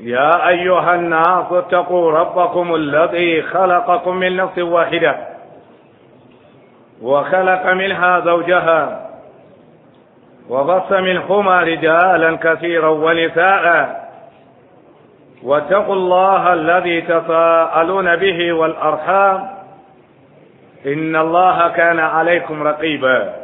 يا أيها الناس اتقوا ربكم الذي خلقكم من نفس واحدة وخلق منها زوجها وبص منهما رجالا كثيرا ونساء واتقوا الله الذي تساءلون به والأرحام إن الله كان عليكم رقيباً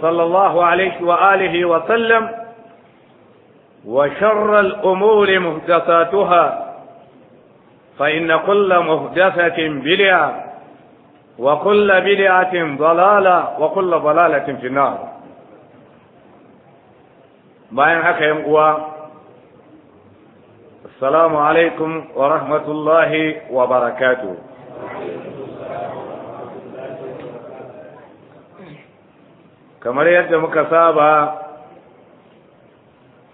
صلى الله عليه واله وسلم وشر الامور مهدثاتها فان كل مهدثه بدعه وكل بدعه ضلاله وكل ضلاله في النار bayan haka yan uwa assalamu alaikum wa rahmatullahi wa barakatuh kamar yadda muka saba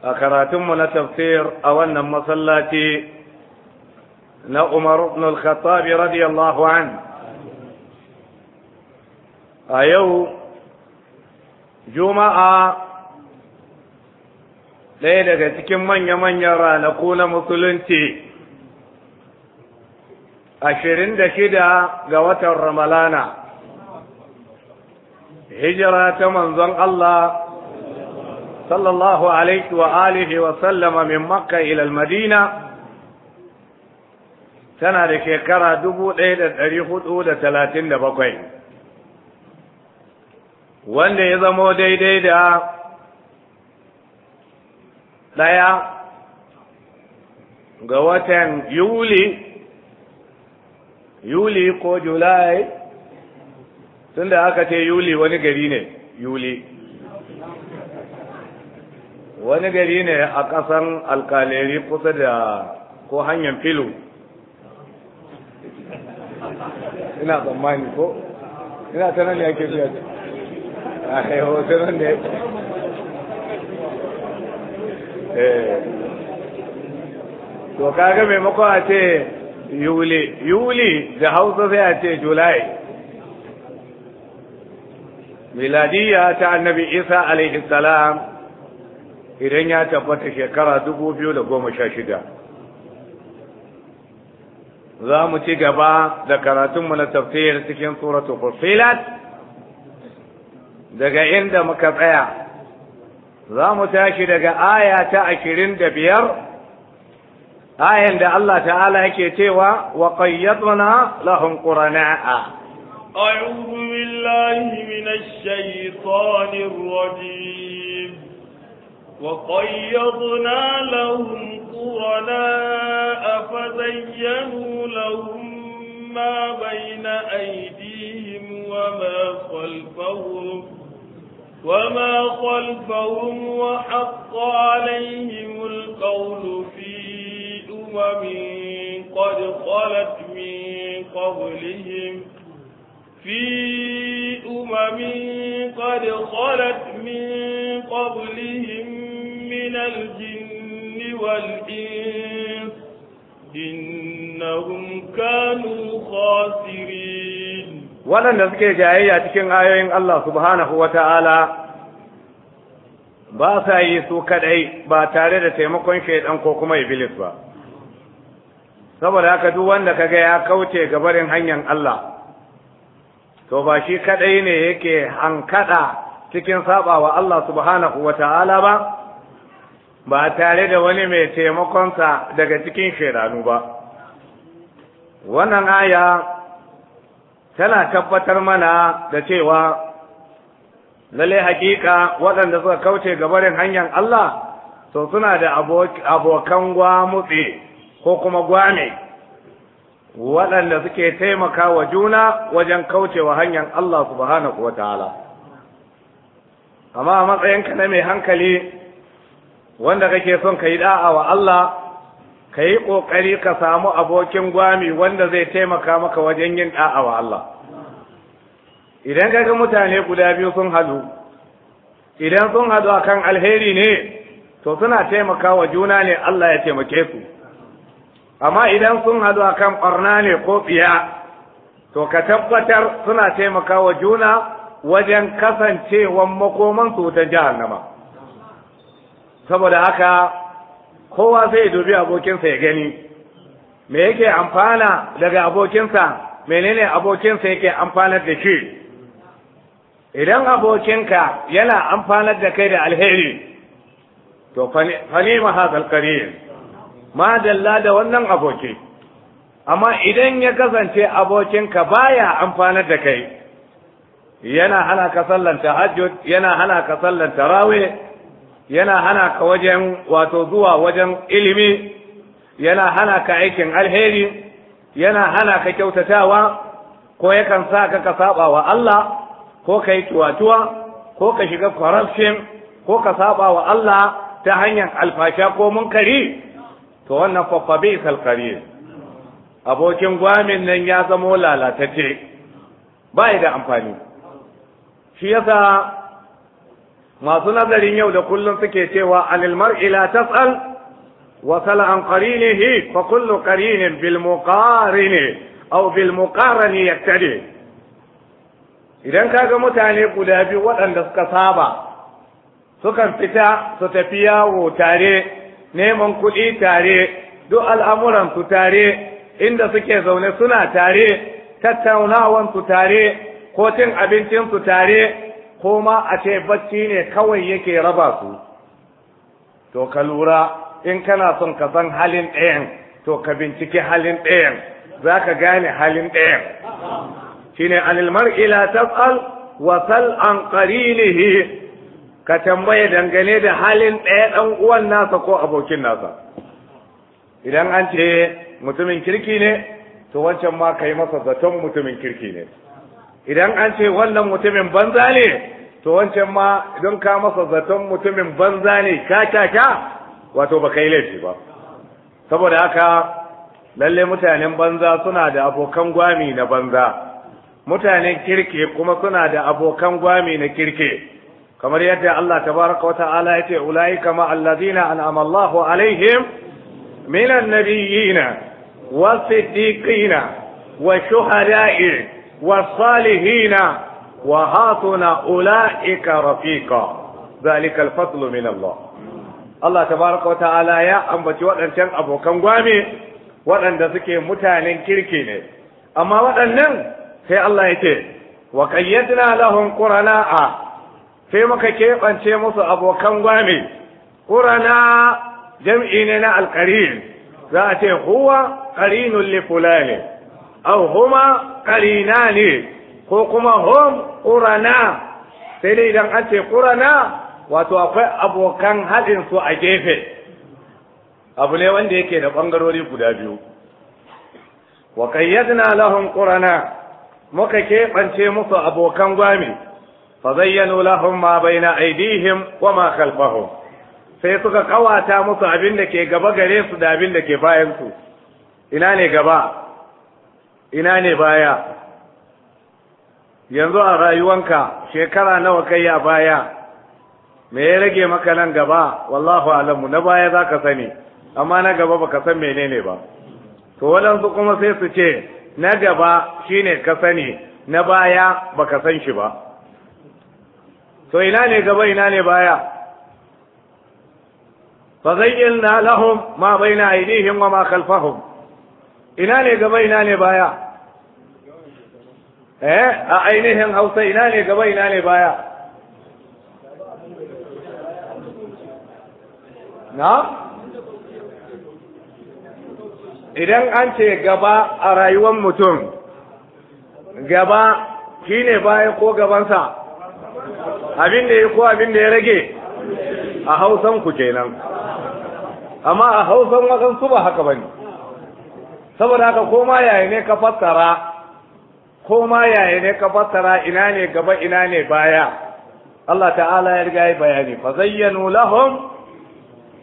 a karatunmu na tafsir a wannan masallaci na umar ibn al-khattab radiyallahu an a yau juma'a ɗaya daga cikin manya-manyan ranaku na musulunci ashirin da shida ga watan ramalana hijira ta manzon Allah sallallahu alaihi wa wa sallama min makka ilal madina tana da shekara dubu ɗaya da ɗari hudu da talatin da bakwai wanda ya zamo daidai da ɗaya ga watan yuli ko julai tun da aka ce yuli wani gari ne yuli wani gari ne a ƙasan alkaleri kusa da ko hanyar filo ina tsammani ko ina ta nan ne ake a haihu ta nan ne eh. to kaga maimakon a ce yuli yuli da hausa sai a ce julai miladiyya ta annabi isa alaihi salam idan ya tabbata shekara dubu biyu da goma sha shida za mu ci gaba da karatunmu na tafsir cikin suratul fusilat daga inda muka tsaya za mu tashi daga aya ta ashirin da biyar ayan da Allah ta'ala yake cewa wa qayyadna lahum qurana'a أعوذ بالله من الشيطان الرجيم وقيضنا لهم قرناء فزينوا لهم ما بين أيديهم وما خلفهم وما خلفهم وحق عليهم القول في أمم قد خلت من قبلهم في أمم قد خلت من قبلهم من الجن والإنس إنهم كانوا خاسرين ولن نذكر جاية تكن آيين الله سبحانه وتعالى ba sa yi su kadai ba tare da taimakon shaidan ko kuma iblis ba saboda haka duk wanda kaga ya kauce ga barin hanyar Allah to ba shi kadai ne yake hankada cikin sabawa Allah subhanahu Ta'ala ba ba tare da wani mai taimakonsa daga cikin shaidanu ba wannan aya tana tabbatar mana da cewa lalle hakika waɗanda suka kauce gabarin hanyar Allah to suna da abokan gwamutse ko kuma gwame waɗanda suke taimaka wa juna wajen kaucewa hanyar Allah subhanahu wataala amma a matsayinka na mai hankali wanda kake son ka yi da'a wa Allah ka yi ƙoƙari ka samu abokin gwami wanda zai taimaka maka wajen yin da'a wa Allah idan ka ga mutane guda biyu sun hadu idan sun hadu akan alheri ne to suna taimaka wa juna ne Allah ya taimake su amma idan sun hadu kan ɓarna ne ko tsiya to ka tabbatar suna taimakawa juna wajen kasancewan makoman su jihar jahannama saboda haka kowa sai dubi abokinsa ya gani me yake amfana daga abokinsa menene abokinsa yake amfanar da shi idan abokinka yana amfanar da kai da alheri to fani ma hazal madalla da wannan aboki amma idan ya kasance abokinka baya amfanar da kai yana hana ka sallan tahajjud yana hana ka sallan tarawih yana hana ka wajen wato zuwa wajen ilimi yana hana ka aikin alheri yana hana ka kyautatawa ko yakan sa ka ka saba wa Allah ko ka yi tuwatuwa ko ka shiga corruption ko ka saba wa Allah ta hanyar alfasha ko munkari Ka wannan fa qabihal abokin gwamin nan ya zamo lalatacce ba da amfani shi yasa masu nazarin yau da kullum suke cewa Alilmar ila la tas'al wa sala ne hi fa kullu qarinin ne, au aw bil muqarani yaktadi idan ga mutane guda biyu waɗanda suka saba sukan fita su tafi yawo tare neman kuɗi tare duk al'amuransu tare inda suke zaune suna tare tattaunawansu tare ko cin abincinsu tare ko ma a ce bacci ne kawai yake raba su to ka lura in kana son ka san halin ɗayan to ka binciki halin ɗayan za ka gane halin ɗayan shine ne mar'i ila tas'al wasal an qarinihi ka tambaye dangane da halin ɗaya ɗan uwan nasa ko abokin nasa idan an ce mutumin kirki ne to wancan ma ka yi masa zaton mutumin kirki ne idan an ce wannan mutumin banza ne to wancan ma don ka masa zaton mutumin banza ne ka kyakya wato ba ka yi laifi ba saboda haka lalle mutanen banza suna da abokan gwami na banza mutanen kirke kuma suna da abokan gwami na kirke kamar yadda Allah tabaraka wa ta'ala yace ulaika ma allazina an'ama Allahu alaihim minan nabiyina wa siddiqina wa shuhadai wa salihina wa hatuna ulaika rafiqa zalika al-fadlu min Allah Allah tabaraka wa ta'ala ya ambaci waɗancan abokan gwame waɗanda suke mutanen kirki ne amma waɗannan sai Allah yace wa qayyadna lahum qurana'a sai muka keɓance musu abokan gwame ƙurana jam'i ne na alƙarin za a ce huwa ƙarinun li ne au huma ƙarina ne ko kuma hom ƙurana sai dai idan an ce ƙurana wato akwai abokan haɗin su a gefe abu ne wanda yake da ɓangarori guda biyu wa qayyadna lahum ƙurana muka keɓance musu abokan gwami فزينوا لهم ما بين أيديهم وما خلفهم sai suka kawata musu abin da ke gaba gare su da abin da ke bayansu ina ne gaba ina ne baya yanzu a rayuwanka shekara nawa kai ya baya me ya rage maka nan gaba wallahu alamu na baya za ka sani amma na gaba baka san menene ba to waɗansu kuma sai su ce na gaba shine ka sani na baya baka san shi ba to ina ne gaba ina ne baya fa zayyana lahum ma baina aydihim wa ma khalfahum ina ne gaba ina ne baya eh a ainihin Hausa ina ne gaba ina ne baya na idan an ce gaba a rayuwar mutum gaba shine baya ko gabansa abin da ya ko abin da ya rage a hausan ku kenan amma a hausan wasan ba haka bane saboda haka ko ma yaya ne ka fassara ko ma yaya ne ka fassara ina ne gaba ina ne baya Allah ta'ala ya riga ya bayani fa zayyanu lahum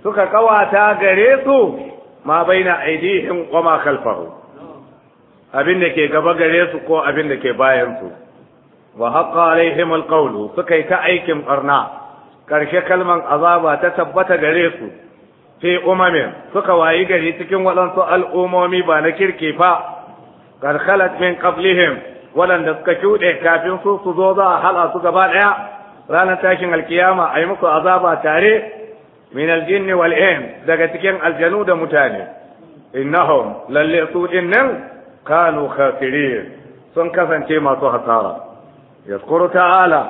suka kawata gare su ma baina aidihim wa ma khalfahum abin da ke gaba gare su ko abin da ke bayan su wa haqqa alaihim alqawlu suka yi ta aikin ɓarna. karshe kalman azaba ta tabbata gare su fi umamin suka wayi gari cikin waɗansu al'ummomi ba na kirki fa karkalat min qablihim waɗanda suka cuɗe kafin su su zo za a hala su gaba ɗaya ranar tashin alkiyama a yi musu azaba tare min aljinni wal in daga cikin aljanu da mutane innahum lalle su dinnan kanu khasirin sun kasance masu hasara yadhkuru ta'ala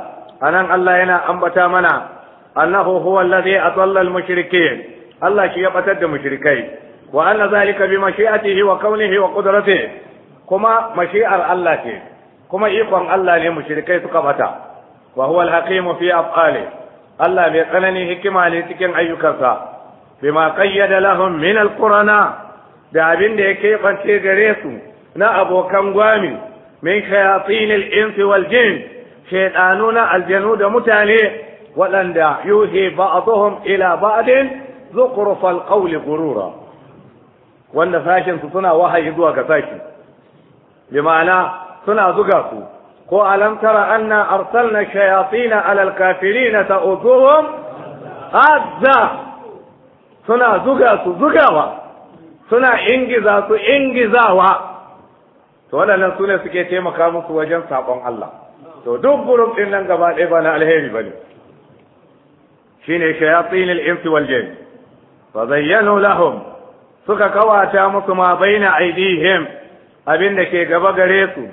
anan Allah yana ambata mana annahu huwa alladhi adalla al-mushrikeen Allah shi ya batar da mushrikai wa anna zalika bi mashi'atihi wa kaunihi wa qudratihi kuma mashi'ar Allah ce kuma ikon Allah ne mushirikai suka bata wa huwa al-hakim fi af'ali Allah bai tsanani hikima ne cikin ayyukansa bima qayyada lahum min al da abinda ya keɓance gare su na abokan gwami من شياطين الإنس والجن شيطانون الجنود متالي ولندا يوهي بعضهم إلى بعض زخرف القول غرورا وأن فاشن تصنع وحي يدوى كفاشن بمعنى صنع زقاكو قو ألم ترى أن أرسلنا الشياطين على الكافرين تأذوهم أزا صنع زقاكو زقاوا صنع إنجزاكو إنجزاوا to waɗannan su ne suke taimaka musu wajen saƙon Allah to duk gurup ɗin nan gaba ɗaya ba na alheri ba ne shine shayatin al-insi wal jin fa zayyanu lahum suka kawata musu ma baina aidihim abin da ke gaba gare su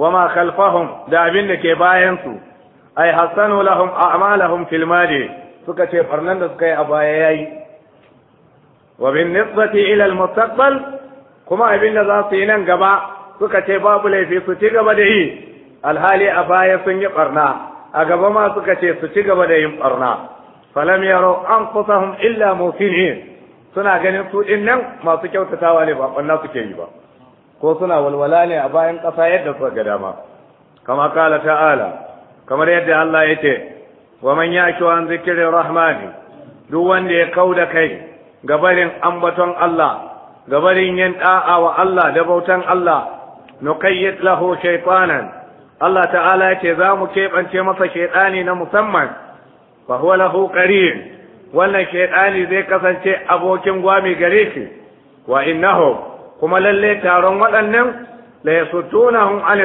wa ma khalfahum da abin da ke bayan su ay hasanu lahum a'malahum fil madi suka ce farnan da suka yi a baya yayi wa bin nisbati ila al mustaqbal kuma abin da za su yi nan gaba suka ce babu laifi su ci gaba da yi alhali a baya sun yi barna a gaba ma suka ce su ci gaba da yin barna falam yaro an kusahum illa musinin suna ganin su din nan masu kyautatawa ne ba barna suke yi ba ko suna walwala ne a bayan ƙasa yadda suka ga dama kama kala ta'ala kamar yadda Allah ya ce wa man yashu an zikirin rahmani duk wanda ya kauda kai gabarin ambaton Allah gabarin yin da'a wa Allah da bautan Allah nuqayyid lahu shaytanan Allah ta'ala yace zamu keɓance masa shaytani na musamman fa huwa lahu qarin wannan shaytani zai kasance abokin gwami gare shi wa innahu kuma lallai taron waɗannan la yasutunahum an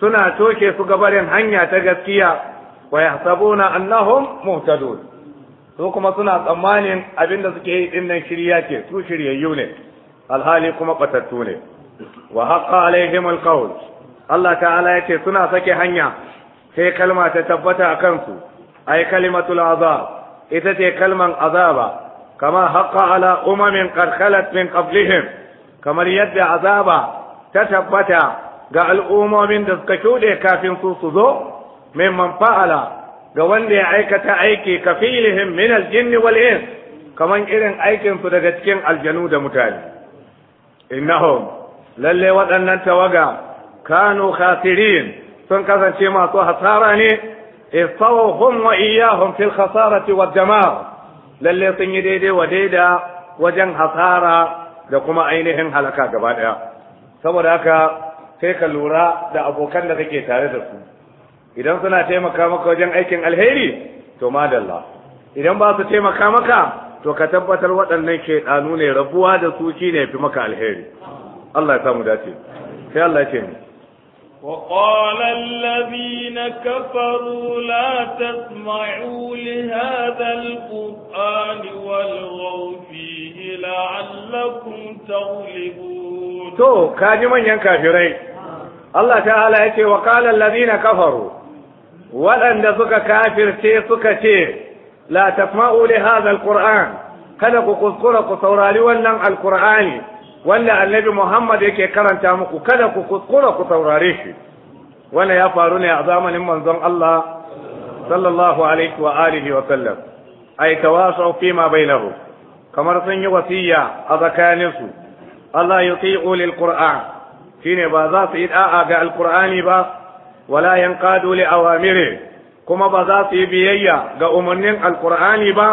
suna toke su ga barin hanya ta gaskiya wa yahsabuna annahum muhtadun su kuma suna tsammanin abinda suke yi dinnan shirya ce su shiryayyu ne alhali kuma batattu ne wa haqqa alaihim alqawl Allah ta'ala ya ce suna sake hanya sai kalma ta tabbata a kansu ai kalimatul azab ita ce kalman azaba kama haƙa ala umamin qad min qablihim kamar yadda azaba ta tabbata ga al'ummomin da suka shuɗe kafin su su zo man fa'ala ga wanda ya aikata aiki ka filihim min aljinn wal ins kaman irin aikin su daga cikin aljanu da mutane innahum lalle waɗannan tawaga kanu khasirin sun kasance masu hasara ne istawhum wa iyyahum fil khasarati wad damar lalle sun yi daidai wa daida wajen hasara da kuma ainihin halaka gaba daya saboda haka sai ka lura da abokan da kake tare da su idan suna taimaka maka wajen aikin alheri to madalla idan ba su taimaka maka to ka tabbatar waɗannan ke ɗanu ne rabuwa da su shine fi maka alheri Allah ya samu dace sai Allah ya ce mu وقال الذين كفروا لا تسمعوا لهذا القرآن والغوا فيه لعلكم تغلبون تو كاجي من ينكافرين الله تعالى يتي وقال الذين كفروا ولن دفك كافر تي سكتي لا تسمعوا لهذا القرآن kada ku kuskura ku saurari wannan alkur'ani wanda annabi Muhammad yake karanta muku kada ku kuskura ku saurare shi wanda ya faru ne a zamanin manzon Allah sallallahu alaihi wa alihi wa sallam ay tawasau fi ma bainahu kamar sun yi wasiya a tsakaninsu. su Allah yuti'u lil qur'an shine ba za su yi da'a ga alqur'ani ba wala yanqadu li awamiri kuma ba za su yi biyayya ga umarnin alqur'ani ba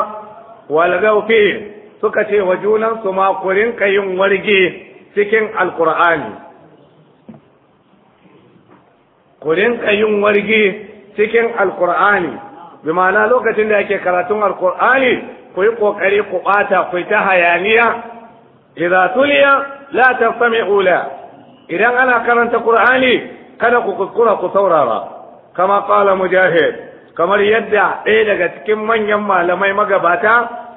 wal gawfi suka ce wa junansu ma ku rinka yin warge cikin alkur'ani ku rinka yin warge cikin alkur'ani bi ma'ana lokacin da ake karatun alkur'ani ku yi kokari ku bata ku ta hayaniya idza tuliya la sami la idan ana karanta ƙur'ani, kada ku kuskura ku saurara kama qala mujahid kamar yadda ɗaya daga cikin manyan malamai magabata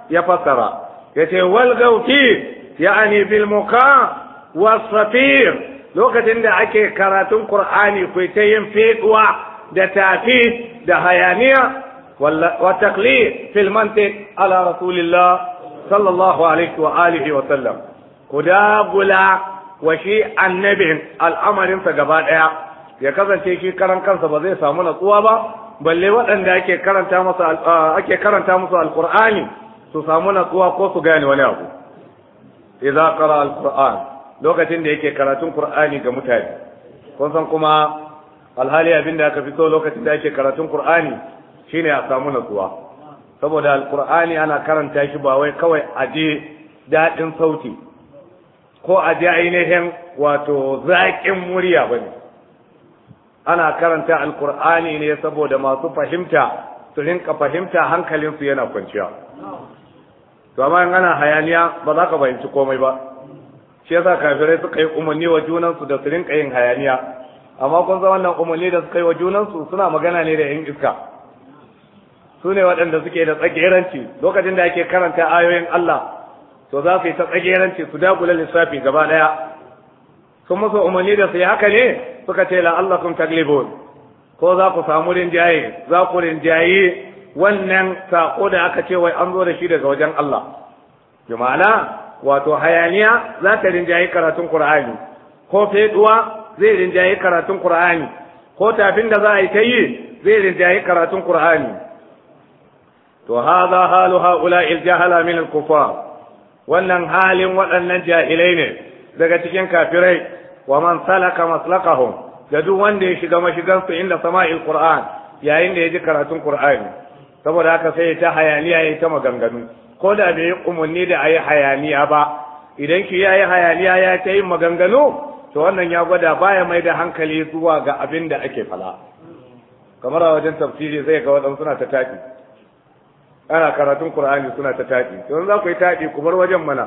ya fassara yace wal ya'ani yani bil muka lokacin da ake karatun qur'ani ku ta yin feduwa da tafi da hayaniya wa taqlid fil mantiq ala rasulillah sallallahu alaihi wa alihi wa sallam ku dagula wa shi annabin al'amarinsa gaba ɗaya ya kasance shi karan kansa ba zai samu natsuwa ba balle waɗanda ake karanta musu alƙur'ani su samu natsuwa ko su gane wani abu idza qara alquran lokacin da yake karatun qur'ani ga mutane kun san kuma alhali abin da aka fi so lokacin da ake karatun qur'ani shine a samu natsuwa saboda alqur'ani ana karanta shi ba wai kawai aje dadin sauti ko aje ainihin wato zaƙin murya bane ana karanta alqur'ani ne saboda masu fahimta su rinka fahimta hankalinsu yana kwanciya to amma in ana hayaniya ba za ka fahimci komai ba shi yasa kafirai suka yi umarni wa junansu da su rinka yin hayaniya amma kun san wannan umarni da suka yi wa junansu suna magana ne da yan iska su ne waɗanda suke da tsageranci lokacin da ake karanta ayoyin Allah to za su yi ta tsageranci su dagula lissafi gaba ɗaya sun musu umarni da su yi haka ne suka ce la'allakum taglibun ko za ku samu rinjaye za ku rinjaye wannan saƙo da aka ce wai an zo da shi daga wajen Allah bi wato hayaniya za ta rinjaye karatun Kur'ani. ko feduwa zai rinjaye karatun Kur'ani. ko tafin da za a yi ta yi zai rinjaye karatun Kur'ani. to hadha halu haula aljahala min kufa, wannan halin waɗannan jahilai ne daga cikin kafirai wa man salaka maslakahum da duk wanda ya shiga mashigansu inda sama'il Qur'an yayin da ya ji karatun Qur'ani saboda haka sai ta hayaniya ya ta maganganu ko da bai umarni da ayi hayaniya ba idan ki yayi hayaniya ya ta yin maganganu to wannan ya gwada baya mai da hankali zuwa ga abin da ake fala kamar a wajen tafsiri zai ga wadansu suna ta tafi ana karatun qur'ani suna ta tafi to za ku yi tafi ku bar wajen mana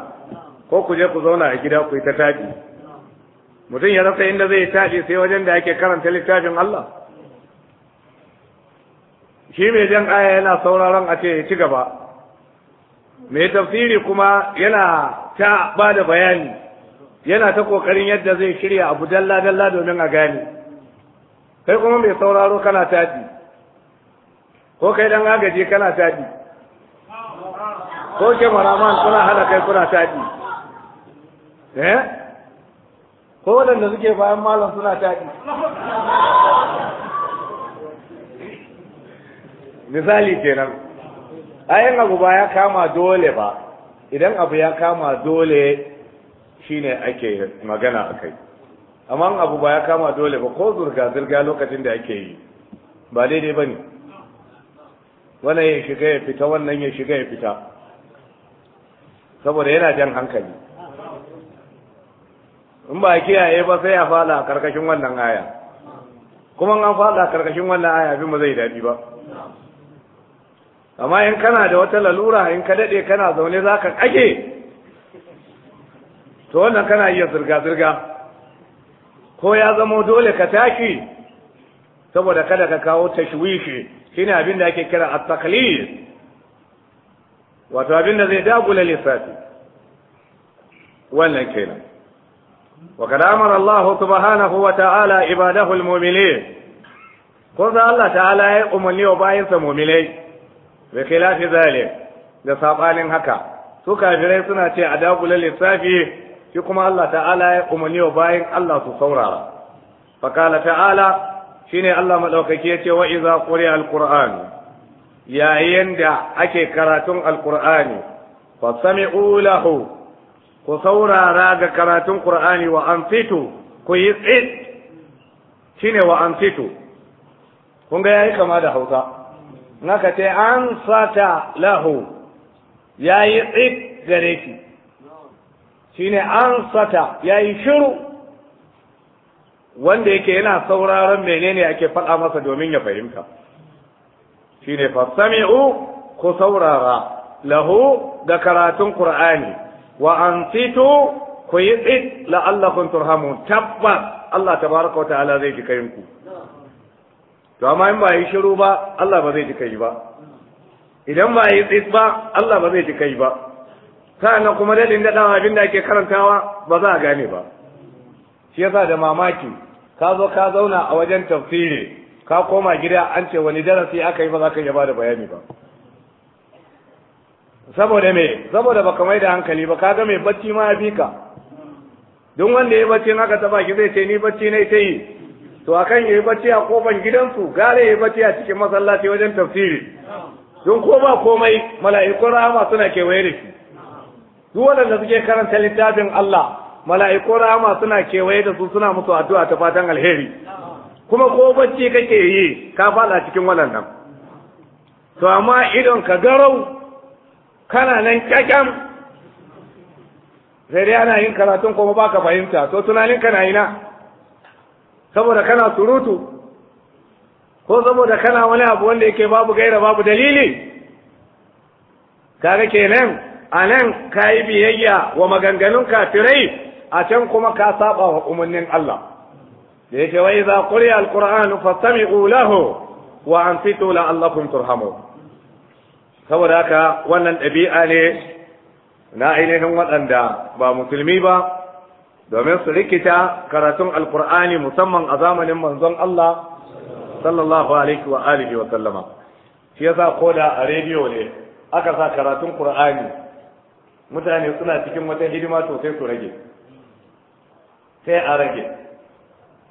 ko ku je ku zauna a gida ku yi ta tafi mutum ya rasa inda zai tafi sai wajen da ake karanta littafin Allah shi mai jan aya yana sauraron a ce ya ci gaba mai tafsiri kuma yana ta ba da bayani yana ta kokarin yadda zai shirya abu dalla dalla domin a gane kai kuma mai sauraro kana taɗi ko kai dan agaji kana taɗi ko ke maraman kuna hana kai kuna taɗi eh ko waɗanda suke bayan malam suna taɗi misali kenan ayin abu ba ya kama dole ba idan abu ya kama dole shine ake magana a kai amma abu ba ya kama dole ba ko zurga-zurga lokacin da ake yi ba daidai ba ne wannan ya shiga ya fita wannan ya shiga ya fita saboda yana jan hankali in ba kiyaye ba sai a fada a karkashin wannan aya kuma an fada a karkashin wannan aya abin ba zai daɗi ba amma in kana da wata lalura in ka daɗe kana zaune za ka ƙage to wannan kana iya zirga-zirga ko ya zamo dole ka tashi saboda kada ka kawo tashwishi shine abin da ake kira at-taqlid wato abin da zai dagula lissafi wannan kenan wa kad amara Allah subhanahu wa ta'ala ibadahu al-mu'minin ko da Allah ta'ala ya umarni wa bayinsa mu'minai da khilafi da saɓanin haka su kafirai suna ce a dagula lissafi shi kuma Allah ta'ala ya umarni wa bayan Allah su saurara faqala ta'ala shine Allah maɗaukaki ya ce wa'iza idza quri'a alquran yayin da ake karatun alqur'ani sami lahu ku saurara ga karatun ƙur'ani wa anfitu ku yi tsit shine wa anfitu kun ga yi kama da Hausa naka ansata an sata lahu ya yi tsib gare ki shine an sata ya yi shiru wanda yake yana sauraron menene ake faɗa masa domin ya fahimta shine fasami'u ku saurara lahu ga karatun ƙur'ani wa ansitu ku yi tsib la'allakun turhamu tabbas Allah ta tabaraka wa ta'ala zai ji kayanku to amma in ba yi shiru ba Allah ba zai ji kai ba idan ba yi tsis ba Allah ba zai ji kai ba nan kuma dalilin da dan abin da ake karantawa ba za a gane ba shi yasa da mamaki ka zo ka zauna a wajen tafsiri ka koma gida an ce wani darasi aka yi ba za ka iya bada bayani ba saboda me saboda baka mai da hankali ba kaga mai bacci ma ya bi ka duk wanda ya bacci naka taba ki zai ce ni bacci ne ta yi to akan yayi bacci a kofan gidansu gare yayi bacci a cikin masallaci wajen tafsiri don ko ba komai mala'ikun rama suna kewaye da shi duk waɗanda suke karanta littafin Allah mala'ikun rama suna kewaye da su suna musu addu'a ta fatan alheri kuma ko bacci kake yi ka fada cikin waɗannan to amma idon ka garau kana nan kyakkyam sai dai ana yin karatun kuma baka fahimta to tunaninka na yi na saboda kana surutu ko saboda kana wani abu wanda yake babu gaira babu dalili kaga kenan a nan ka yi biyayya wa maganganun kafirai a can kuma ka saba wa umarnin Allah da yake wa idza quriya alqur'anu fastami'u lahu wa anfitu la'allakum turhamu. saboda haka wannan ɗabi'a ne na ainihin waɗanda ba musulmi ba domin su rikita karatun alkur'ani musamman a zamanin manzon Allah sallallahu alaihi wa alihi wa sallama shi yasa koda a rediyo ne aka sa karatun qur'ani mutane suna cikin wata hidima to sai su rage sai a rage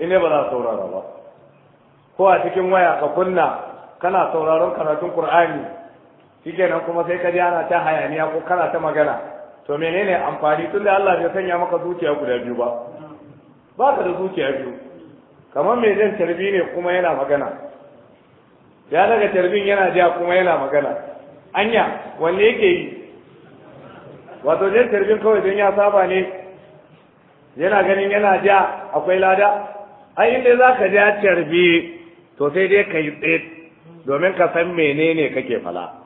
ine ba za su saurara ba ko a cikin waya ka kunna kana sauraron karatun qur'ani shikenan kuma sai ka ji ana ta hayaniya ko kana ta magana to menene amfani tun da Allah bai sanya maka zuciya guda biyu ba ba ka da zuciya biyu kamar mai jan tarbi ne kuma yana magana ya daga tarbin yana jiya kuma yana magana anya wanne yake yi wato jan tarbin kawai don ya saba ne yana ganin yana jiya akwai lada ai inda za ka ja tarbi to sai dai ka yi tsaye domin ka san menene kake fala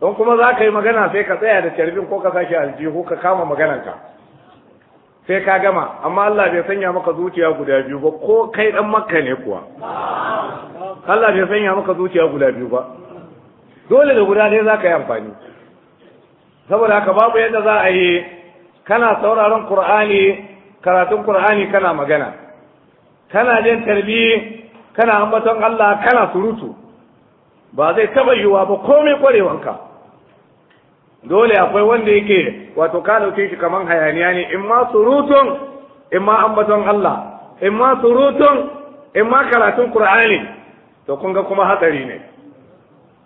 don kuma za ka yi magana sai ka tsaya da carbin ko ka sake aljihu ka kama maganarka sai ka gama amma Allah bai sanya maka zuciya guda biyu ba ko kai dan makka ne kuwa Allah bai sanya maka zuciya guda biyu ba dole da guda ɗaya za ka yi amfani saboda haka babu yadda za a yi kana sauraron Kur'ani karatun Kur'ani kana magana kana jin tarbi kana ambaton Allah kana surutu ba zai taba yiwuwa ba komai kwarewanka dole akwai wanda yake wato ka dauke shi kaman hayaniya ne in ma surutun in ma ambaton Allah in ma surutun in ma karatun Qur'ani to kun ga kuma hatsari ne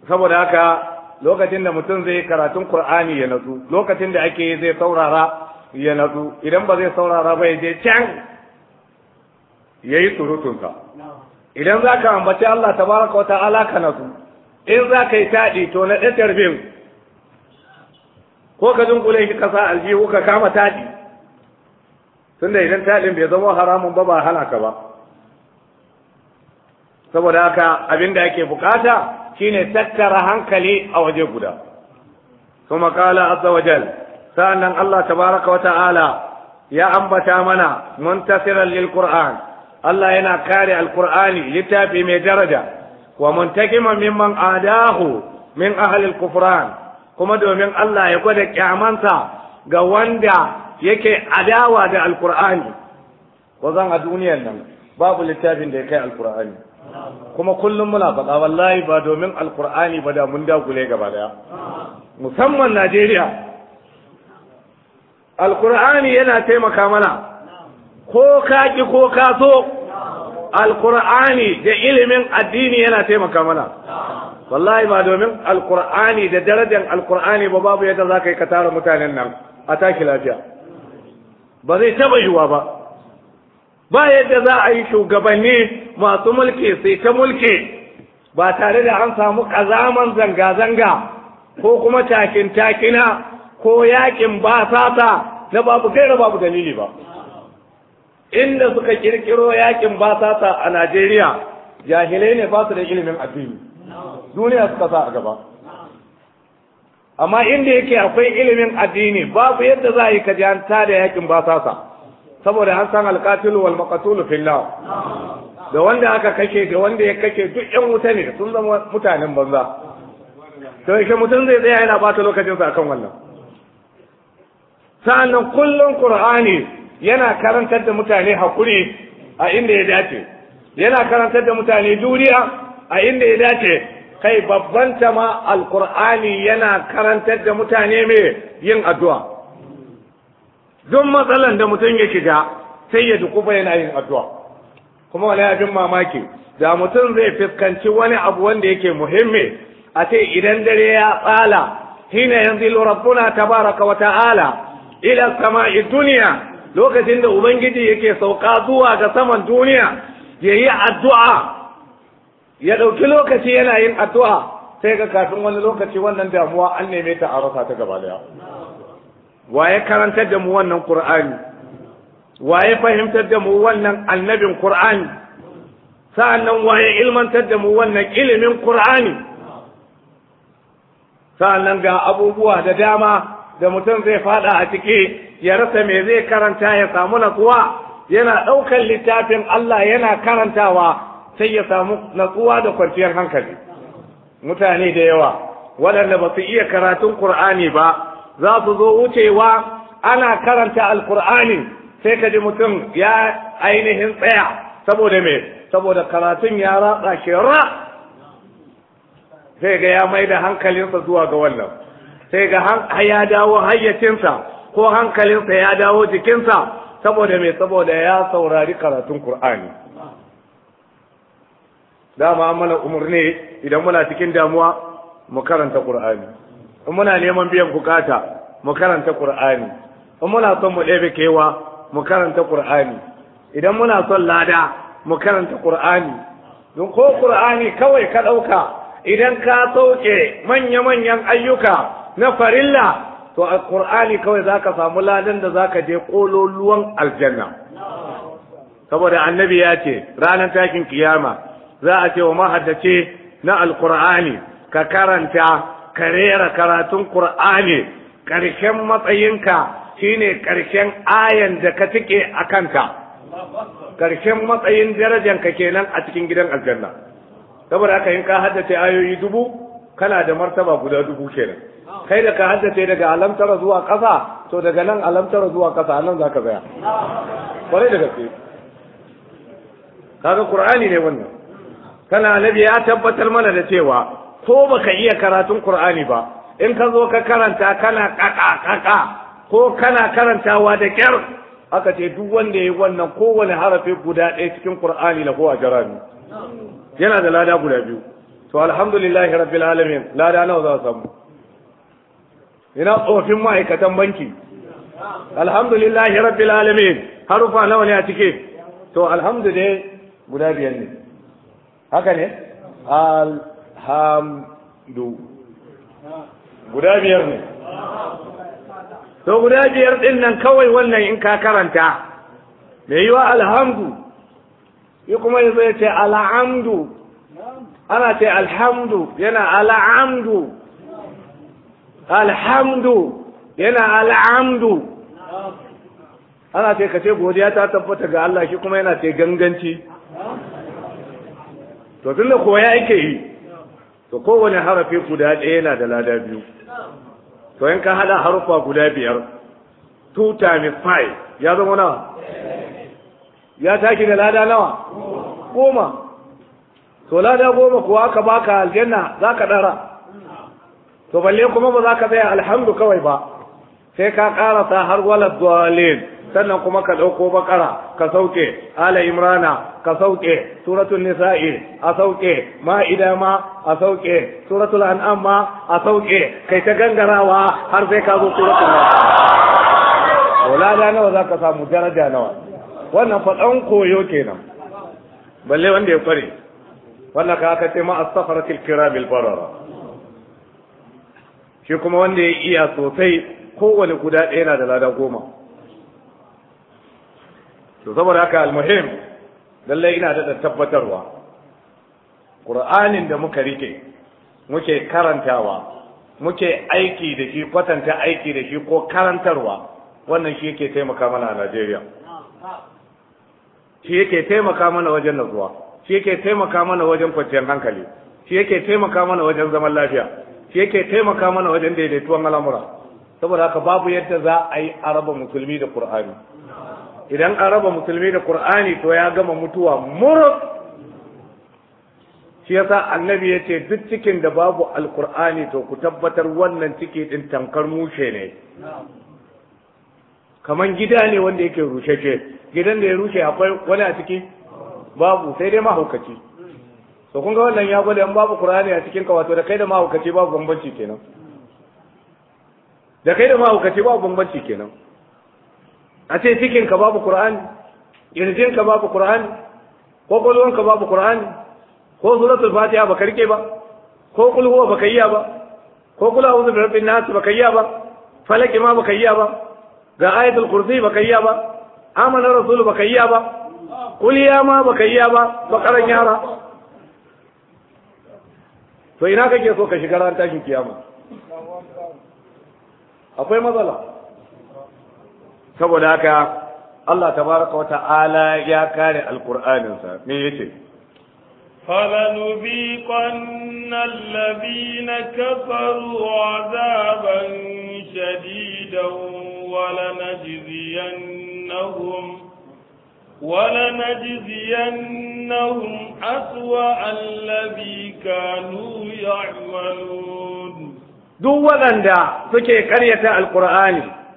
saboda haka lokacin da mutum zai karatun Qur'ani ya natsu lokacin da ake zai saurara ya natsu idan ba zai saurara ba ya je can yayi surutunsa idan zaka ambaci Allah tabaraka wa ta'ala ka natsu in zaka yi tadi to na ɗan tarbiyyu ko ka dunkule shi kasa aljihu ka kama taɗi tunda idan taɗin bai zama haramun ba ba halaka ba saboda haka abin da ake bukata shine tattara hankali a waje guda kuma kala azza wajal sa'annan Allah tabaraka wa ta'ala ya ambata mana muntasiran lil qur'an Allah yana kare alqur'ani littafi mai daraja wa muntakiman mimman adahu min ahli alkufran kuma domin Allah ya gwada kyamansa ga wanda yake adawa da alkur'ani zan a duniyar nan babu littafin da ya kai alkur'ani kuma kullum muna faɗa wallahi ba domin alkur'ani ba da mun dagule gaba daya musamman najeriya alkur'ani yana taimaka mana ko ka ki ko ka so alkur'ani da ilimin addini yana taimaka mana wallahi ma domin alkur'ani da darajar alkur'ani ba babu yadda za ka yi ka tara mutanen nan a taki lafiya ba zai taba yiwa ba ba yadda za a yi shugabanni masu mulki sai ta mulki ba tare da an samu kazaman zanga-zanga ko kuma takin takina ko yakin ba sata na babu gaira babu dalili ba inda suka kirkiro yakin ba sata a najeriya jahilai ne ba su da ilimin addini duniya suka sa a gaba amma inda yake akwai ilimin addini babu yadda za a yi kaji an tada yakin basasa saboda an san alkatilu wal maqtulu fillah da wanda aka kake da wanda ya kake duk yan wuta ne sun zama mutanen banza to yake mutum zai tsaya yana bata lokacinsa akan wannan sa'annan kullum qur'ani yana karantar da mutane hakuri a inda ya dace yana karantar da mutane duniya a inda ya dace kai babban ta ma alkur'ani yana karantar da mutane mai yin addu'a duk matsalan da mutum ya shiga sai ya dukuba yana yin addu'a kuma wani abin mamaki da mutum zai fuskanci wani abu wanda yake muhimmi a ce idan dare ya tsala hina yanzu rabbuna tabaraka wa ta'ala ila sama'i duniya lokacin da ubangiji yake sauka zuwa ga saman duniya yayi addu'a ya ɗauki lokaci yana yin addu'a sai ga kafin wani lokaci wannan damuwa an neme ta a rasa ta gaba daya waye karantar da mu wannan qur'ani waye fahimtar da mu wannan annabin qur'ani sa'annan waye ilmantar da mu wannan ilimin qur'ani sa'annan ga abubuwa da dama da mutum zai fada a ciki ya rasa me zai karanta ya samu natsuwa yana ɗaukar littafin Allah yana karantawa sai ya samu natsuwa da kwanciyar hankali mutane da yawa waɗanda ba su iya karatun Kur'ani ba za su zo wucewa ana karanta alkur'ani sai ka ji mutum ya ainihin tsaya saboda me saboda karatun ya ratsa shi ra sai ga ya mai da hankalinsa zuwa ga wannan sai ga ya dawo hayyacinsa ko hankalinsa ya dawo jikinsa saboda me saboda ya saurari karatun Kur'ani. dama mana umarni idan muna cikin damuwa mu karanta qur'ani in muna neman biyan bukata mu karanta qur'ani in muna son mu ɗebe kewa mu karanta qur'ani idan muna son lada mu karanta qur'ani don ko qur'ani kawai ka ɗauka idan ka sauke manya-manyan ayyuka na farilla to a qur'ani kawai zaka samu ladan da zaka je ƙololuwan aljanna saboda annabi ya ce ranar takin kiyama za a ce wa mahaddace na alkur'ani ka karanta ka rera karatun kur'ani ƙarshen matsayinka shine ƙarshen ayan da ka tike a kanta. ƙarshen matsayin darajanka kenan a cikin gidan aljanna saboda haka in ka haddace ayoyi dubu kana da martaba guda dubu kenan kai da ka haddace daga alamtara zuwa ƙasa to daga nan alamtara zuwa ƙasa nan za ka tsaya kwarai da gaske kaga qur'ani ne wannan sana annabi ya tabbatar mana da cewa ko baka iya karatun qur'ani ba in ka zo ka karanta kana kaka kaka ko kana karantawa da kyar aka ce duk wanda ya yi wannan kowane harafi guda ɗaya cikin qur'ani lahu ajran yana da lada guda biyu to alhamdulillahi rabbil alamin lada nawa za samu ina tsofin ma'aikatan banki alhamdulillahi rabbil alamin harufa nawa ne a cike to alhamdu dai guda biyar ne haka ne alhamdu guda biyar ne to guda biyar din nan kawai wannan in ka karanta mai yiwa alhamdu yi kuma yanzu ya ce alhamdu ana ce alhamdu yana alhamdu alhamdu yana alhamdu ana ce ka ce godiya ta tabbata ga Allah shi kuma yana ce ganganci to tunda ya ake yi to kowane harafi guda ɗaya yana da lada biyu to in ka hada harufa guda biyar two times five ya zama nawa ya taki da lada nawa goma to lada goma kuwa aka baka aljanna za ka ɗara to balle kuma ba za ka tsaya alhamdu kawai ba sai ka ƙarasa har walar dalil sannan kuma ka ɗauko bakara ka sauke ala imrana ka sauke suratul nisa'i a sauke ma'ida ma a sauke suratul an'am ma a sauke kai ta gangarawa har sai ka zo suratul wala nawa za ka samu daraja nawa wannan faɗan koyo kenan balle wanda ya kware wannan ka aka ce ma as kiramil barara shi kuma wanda ya iya sosai kowane guda ɗaya na da lada goma to saboda haka almuhim lalle ina da tabbatarwa qur'anin da muka rike muke karantawa muke aiki da shi kwatanta aiki da shi ko karantarwa wannan shi yake taimaka mana a Najeriya shi yake taimaka mana wajen nazuwa shi yake taimaka mana wajen kwanciyar hankali shi yake taimaka mana wajen zaman lafiya shi yake taimaka mana wajen daidaituwan al'amura saboda haka babu yadda za a yi araba musulmi da qur'ani idan an raba musulmi da qur'ani to ya gama mutuwa murab shi yasa annabi ya ce duk cikin da babu alqur'ani to ku tabbatar wannan ciki din tankar mushe ne kaman gida ne wanda yake rushe gidan da ya rushe akwai wani a ciki babu sai dai mahaukaci to kun ga wannan ya gwada in babu qur'ani a cikin ka wato da kai da mahaukaci babu bambanci kenan da kai da mahaukaci babu bambanci kenan a ce cikin ka babu ƙura'an kirjin ka babu ƙura'an ko kwalwan ka babu ƙura'an ko suratul fatiha ba karke ba ko kul ba baka ba ko kula wuzu da rabbin nasu ba kayya ba falaki ma baka kayya ba ga ayatul kursi ba kayya ba amana rasul baka kayya ba kuliya ma ba kayya ba bakaran yara to ina kake so ka shiga ran tashin kiyama akwai matsala saboda haka Allah tabaraka wa ta'ala ya kare alqur'aninsa me yace فلنذيقن الذين كفروا عذابا شديدا ولنجزينهم ولنجزينهم أسوأ الذي كانوا يعملون دو ولندا فكي قرية القرآن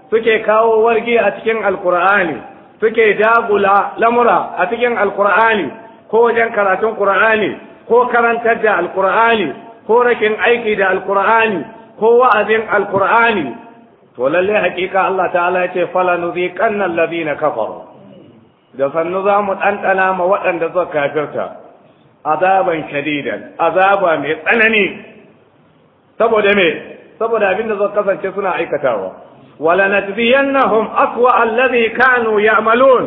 suke kawo warge a cikin alkur'ani suke dagula lamura a cikin alkur'ani ko wajen karatun qur'ani ko karantar da alkur'ani ko rakin aiki da alkur'ani ko wa'azin alkur'ani to lallai hakika Allah ta'ala ya ce fala nuziqanna alladhina kafaru da sannu za mu ɗanɗana ma waɗanda suka kafirta azaban shadidan azaba mai tsanani saboda me saboda abin da zai kasance suna aikatawa ولنجزينهم أسوأ الذي كانوا يعملون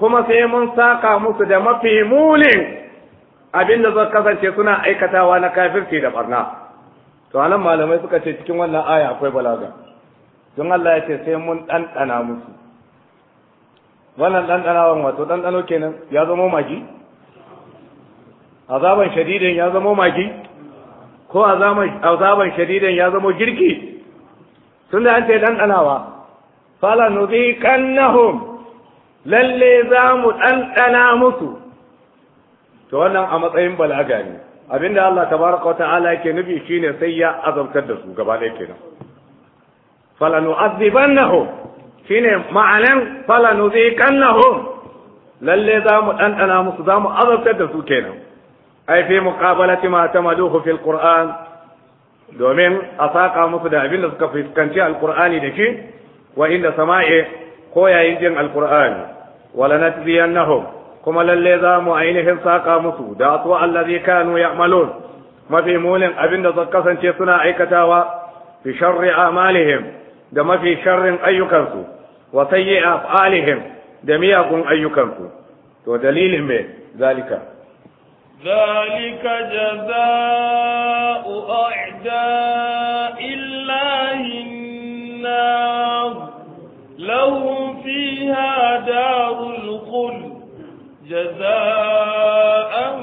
kuma sai mun saka musu da mafi mulin abin da zaka kasance suna aikatawa na kafirci da barna to anan malamai suka ce cikin wannan aya akwai balaga don Allah ya ce sai mun ɗanɗana musu wannan ɗanɗanawan wato ɗanɗano kenan ya zama magi azaban shadidin ya zama magi ko azaban shadidin ya zama girki tun da an ce ɗanɗanawa fala nuziqannahum lalle za mu ɗanɗana musu to wannan a matsayin balaga ne abinda Allah ta tabaraka wa ta'ala yake nufi shine sai ya azabtar da su gaba ɗaya kenan fala nu'adhibannahum shine ma'anan fala nuziqannahum lalle za mu ɗanɗana musu za mu azabtar da su kenan ai fi muqabalati ma tamaluhu fil qur'an domin a saƙa musu da abin da suka fuskanci alkur'ani da shi wa inda sama'i ko yayin jin alkur'ani wala natbiyannahum kuma lalle za mu ainihin saƙa musu da aswa allazi kanu ya'malun mafi mulin abin da suka kasance suna aikatawa fi sharri amalihim da mafi sharrin ayyukansu wa sayyi af'alihim da miyagun ayyukansu to dalilin me zalika ذلك جزاء أعداء الله النار لهم فيها دار الخلد جزاء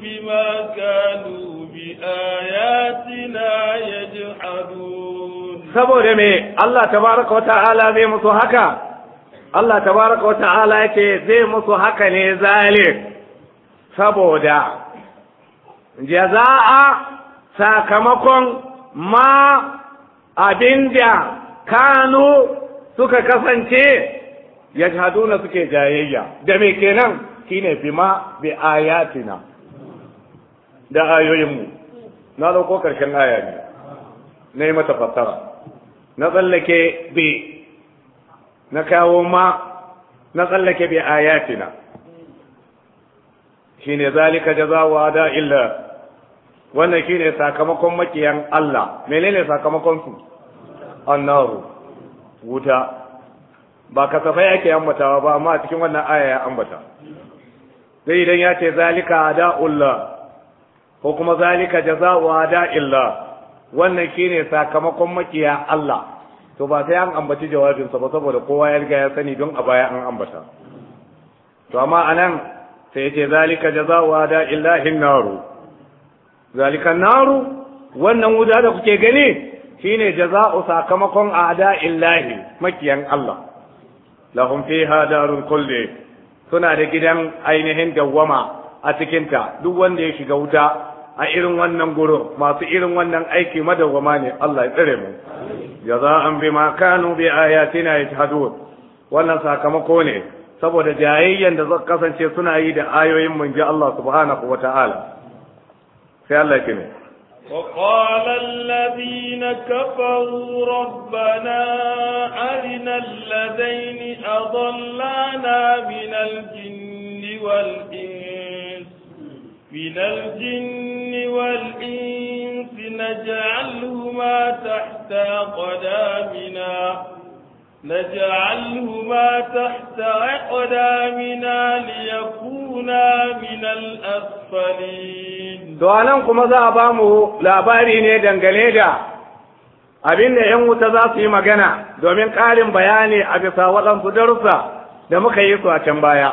بما كانوا بآياتنا يجحدون saboda me Allah tabaraka wata'ala zai musu haka Allah tabaraka wata'ala yake zai musu haka ne zale. saboda jaza'a sakamakon ma abin da kanu suka kasance ya haduna suke jayayya da me kenan shine bima bi ayatina da ayoyinmu na dauko karshen aya ne na yi mata fassara na tsallake bi na kawo ma na tsallake bi ayatina shine zalika da illa wannan shine sakamakon makiyan Allah menene sakamakon su annaru wuta ba kasafai ake ambatawa ba amma a cikin wannan aya ya ambata sai idan ya ce zalika illa ko kuma zalika da illa wannan shine sakamakon makiya Allah to ba sai an ambaci jawabinsa ba saboda kowa ya riga ya sani don a baya an ambata to amma anan sai ce zalika jaza'u ada illahi naru zalika naru wannan wuta da kuke gani shine jaza'u sakamakon ada illahi makiyan Allah lahum fiha darul kulli suna da gidan ainihin dawwama a cikinta duk wanda ya shiga wuta a irin wannan gurin masu irin wannan aiki madawwama ne Allah ya tsare mu jaza'an bima kanu bi ayatina yajhadun wannan sakamako ne saboda jayayyen da zaka kasance suna yi da ayoyin mun Allah subhanahu wa ta'ala sai Allah ya kime وقال الذين كفروا ربنا أرنا الذين أضلانا من الجن والإنس من الجن والإنس نجعلهما تحت قدامنا نجعلهما تحت nan kuma من الأسفلين دعانا كما زابامه لاباري نيدان غليدا abin da ‘yan wuta za su yi magana domin ƙarin bayani a bisa waɗansu darussa da muka yi su a can baya.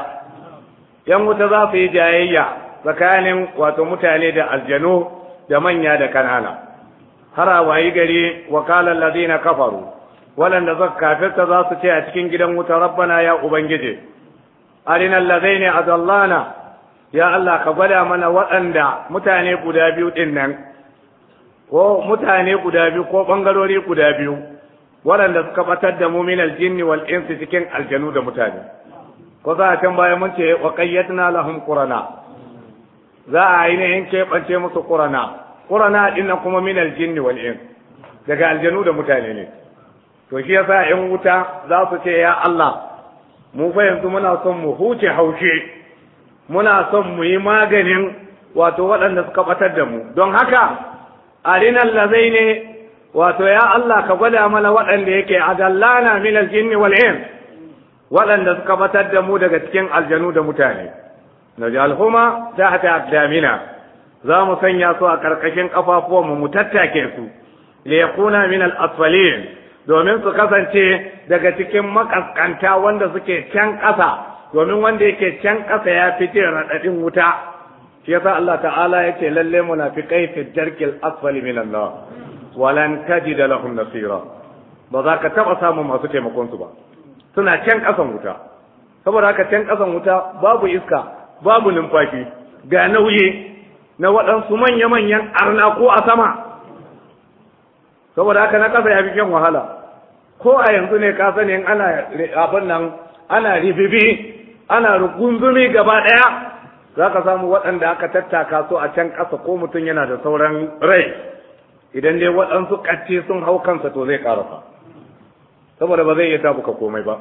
‘Yan wuta za su yi jayayya tsakanin wato mutane da aljanu da manya da kanana. Har a wayi gari wakalar lazina kafaru. waɗanda zan kafirta za su ce a cikin gidan wuta rabbana ya ubangiji arina allazai azallana ya Allah ka gwada mana waɗanda mutane guda biyu ɗin nan ko mutane guda biyu ko ɓangarori guda biyu waɗanda suka batar da mu min wal insi cikin aljanu da mutane ko za a can baya mun ce wa qayyatna lahum qurana za a yi ne in keɓance musu qurana qurana ɗin nan kuma min aljinni wal insi daga aljanu da mutane ne to shi yasa yan wuta za su ce ya Allah mu fa yanzu muna son mu huce haushe muna son mu yi maganin wato waɗanda suka batar da mu don haka arinal lazai ne wato ya Allah ka gwada mana waɗanda yake adallana min aljinni wal in waɗanda suka batar da mu daga cikin aljanu da mutane najalhuma tahta aqdamina za mu sanya su a karkashin ƙafafuwanmu mu tattake su li yakuna min al asfalin domin su kasance daga cikin makaskanta wanda suke can ƙasa domin wanda yake can ƙasa ya fi jin raɗaɗin wuta shi yasa Allah ta'ala ya ce lalle munafiqai fi darkil asfali min Allah walan tajid lahum nasira ba za ka taɓa samun masu taimakon su ba suna can ƙasan wuta saboda haka can ƙasan wuta babu iska babu numfashi ga nauyi na waɗansu manya-manyan arna ko a sama saboda haka na kasa ya fi shan wahala ko a yanzu ne ka sani ana abin nan ana ribibi ana rugunzumi gaba daya za ka samu waɗanda aka tattaka su a can ƙasa ko mutum yana da sauran rai idan dai waɗansu ƙarfi sun hau kansa to zai ƙarafa. saboda ba zai iya tabuka komai ba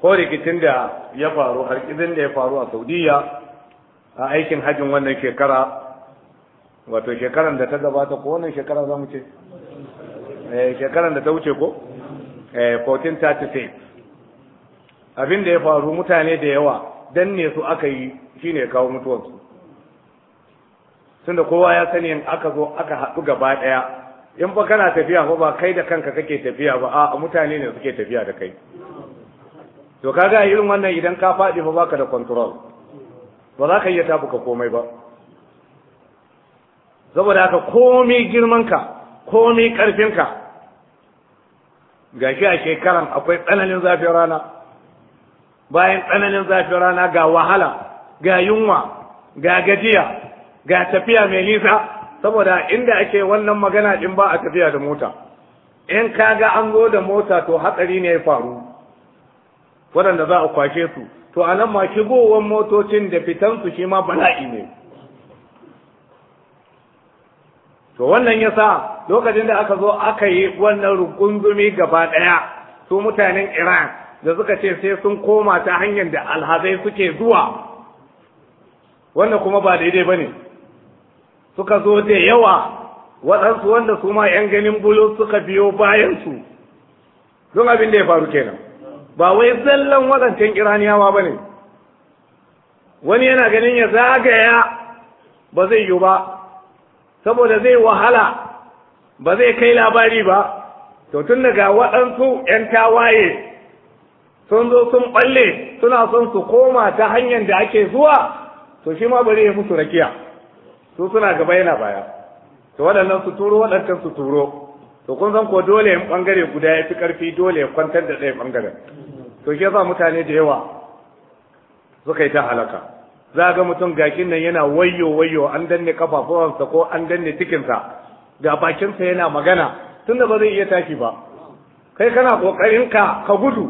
ko rikicin da ya faru harkizin da ya faru a saudiya a aikin hajjin wannan shekara wato shekaran da ta gabata ko wannan shekara za mu ce Eh, shekaran da ta wuce ko 1436 eh, abin da ya faru mutane da yawa ne su aka yi shine kawo mutuwarsu tunda kowa ya sani in aka zo aka haɗu gaba ɗaya in ba kana tafiya ba ba kai da kanka kake tafiya ba a mutane ne suke tafiya da kai to kaga irin wannan idan ka faɗi ba baka da control ba za ka iya tafuka komai ba saboda haka komai girman ka komai ƙarfinka ga shi a shekaran akwai tsananin zafin rana bayan tsananin zafin rana ga wahala ga yunwa ga gajiya ga tafiya mai nisa saboda inda ake wannan magana din ba a tafiya da mota in ka ga an zo da mota to hatsari ne ya faru waɗanda za a kwashe su to a nan ma shigowar motocin da fitansu shi ma bala'i ne to wannan yasa lokacin da aka zo aka yi wannan rugungumi gaba daya su mutanen Iran da suka ce sai sun koma ta hanyar da alhazai suke zuwa wannan kuma ba daidai bane suka zo da yawa waɗansu wanda su ma 'yan ganin bulo suka biyo bayansu don abin da ya faru kenan ba wai zallan wadancan iraniyawa ba ne wani yana ganin ya zagaya ba zai yiwu ba saboda zai wahala ba zai kai labari ba to tun daga waɗansu 'yan tawaye sun zo sun ɓalle suna son su koma ta hanyar da ake zuwa to shi ma bari ya musu rakiya su suna gaba yana baya to waɗannan su turo waɗancan su turo to kun san ko dole in ɓangare guda ya fi ƙarfi dole ya kwantar da ɗaya ɓangaren to shi yasa mutane da yawa suka yi ta halaka za ga mutum gakin nan yana wayyo wayyo an danne kafafuwansa ko an danne cikinsa ga bakinsa yana magana tunda ba zai iya tashi ba kai kana kokarin ka ka gudu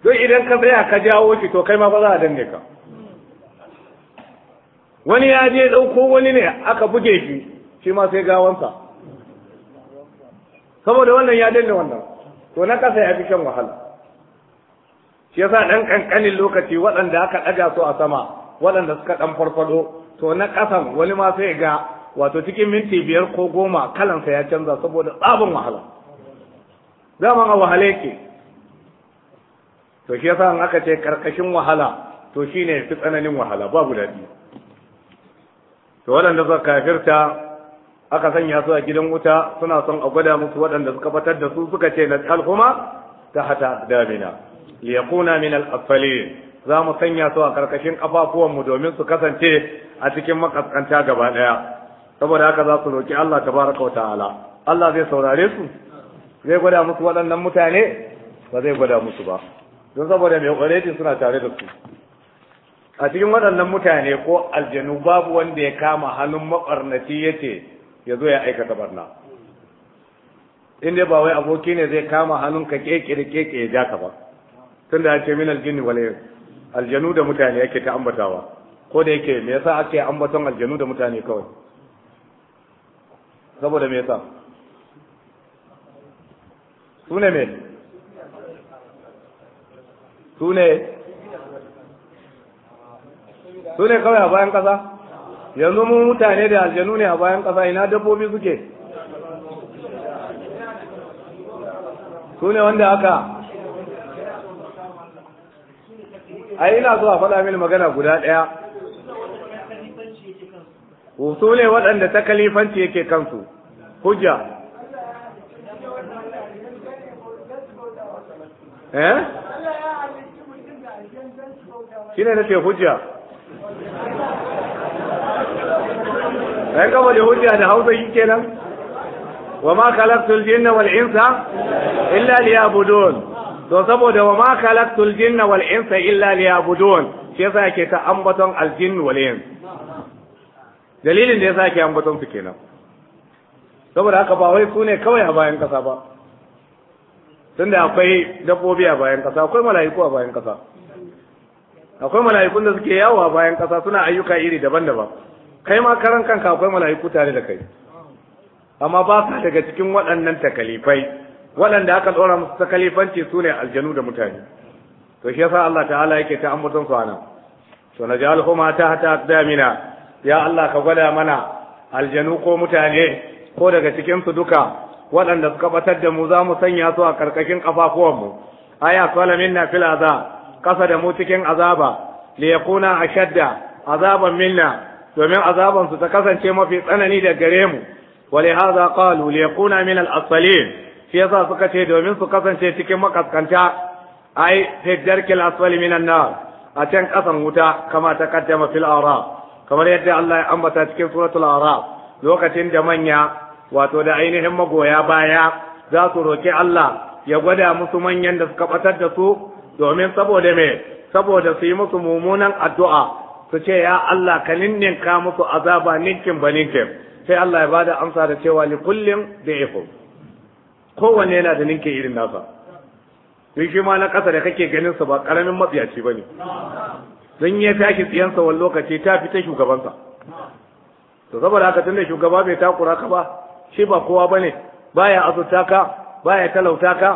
don idan ka tsaya ka jawo shi to kai ma ba za a danne ka wani ya je ɗauko wani ne aka buge shi shi ma sai gawansa saboda wannan ya danne wannan to na kasa ya fi shan wahala shi yasa ɗan ƙanƙanin lokaci waɗanda aka ɗaga su a sama waɗanda suka ɗan farfaɗo, to na ƙasan wani ma sai ga wato cikin minti biyar ko goma kalansa ya canza saboda tsabin wahala zaman a wahale ke to shi yasa in aka ce karkashin wahala to shi shine fi tsananin wahala babu daɗi to waɗanda suka kafirta aka sanya su a gidan wuta suna son a gwada musu waɗanda suka batar da su suka ce na tsalhuma ta hata damina liyakuna min al-asfalin za mu sanya su a karkashin ƙafafuwanmu domin su kasance a cikin makaskanta gaba daya saboda haka za su roki Allah tabaraka wa ta'ala Allah zai saurare su zai gwada musu waɗannan mutane ba zai gwada musu ba don saboda mai ƙwareti suna tare da su a cikin waɗannan mutane ko aljanu babu wanda ya kama hannun maƙarnaci ya ce ya zo ya aikata barna in dai ba wai aboki ne zai kama hannun ka keke da keke ya ja ka ba tunda ya ce min aljini wal aljanu da mutane yake ta ambatawa ko da yake me yasa ake ambaton aljanu da mutane kawai saboda me yasa sune me sune sune kawai a bayan kasa yanzu mu mutane da aljanu ne a bayan kasa ina dabbobi suke sune wanda aka a ina so a faɗa mini magana guda ɗaya su ne waɗanda ta kalifanci yake kansu hujja eh Shi ne nake hujja ai kama da hujja da hausa yi kenan wa ma khalaqtul jinna wal insa illa liya'budun to saboda wa ma khalaqtul jinna wal insa illa liyabudun shi yasa yake ta ambaton aljinn wal ins dalilin da yasa yake ambaton su kenan saboda haka ba wai su ne kawai a bayan kasa ba tunda akwai dabbobi a bayan kasa akwai mala'iku a bayan kasa akwai mala'ikun da suke yawo a bayan kasa suna ayyuka iri daban-daban kai ma karan kanka akwai mala'iku tare da kai amma ba sa daga cikin waɗannan takalifai waɗanda aka tsora musu ta kalifanci su ne aljanu da mutane to shi yasa Allah ta'ala yake ta ambaton su anan to na huma ta hata damina ya Allah ka gwada mana aljanu ko mutane ko daga cikin su duka waɗanda suka batar da mu za mu sanya su a karkashin kafafuwan mu aya qala minna fil azab kasa da mu cikin azaba li yakuna ashadda azaban minna domin azaban su ta kasance mafi tsanani da gare mu ولهذا قالوا min al الأصلين shi yasa suka ce domin su kasance cikin makaskanta ai fi darkil asfali minan nar a can kasan wuta kama ta kaddama fil araf kamar yadda Allah ya ambata cikin suratul araf lokacin da manya wato da ainihin magoya baya za su roki Allah ya gwada musu manyan da suka batar da su domin saboda me saboda su yi musu mummunan addu'a su ce ya Allah ka ninninka musu azaba ninkin ba ninkin sai Allah ya bada amsa da cewa li kullin bi'ikum kowanne yana da ninke irin nasa don shi ma na ƙasa da kake ganin sa ba ƙaramin matsiyaci ba ne don ya tashi tsiyansa wani lokaci ta fita ta shugabansa to saboda haka tunda shugaba bai takura ka ba shi ba kowa ba ne baya azurta ka baya talauta ka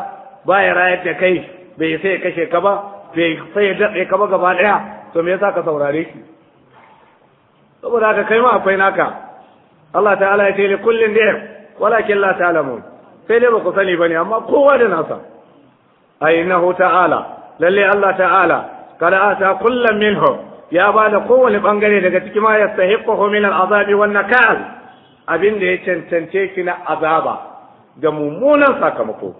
baya rayar da kai bai sai ya kashe ka ba bai sai ya daɗe ka ba gaba ɗaya to me yasa ka saurare shi saboda haka kai ma akwai naka Allah ta'ala ya ce li kullin dir walakin la ta'lamun sai dai ba ku sani ba ne amma kowa da nasa ainihu ta'ala lalle Allah ta'ala kada ta kullum minhum ya ba da kowane bangare daga cikin ma yastahiqu min wannan wan abinda abin da ya cancance ki na azaba ga mummunan sakamako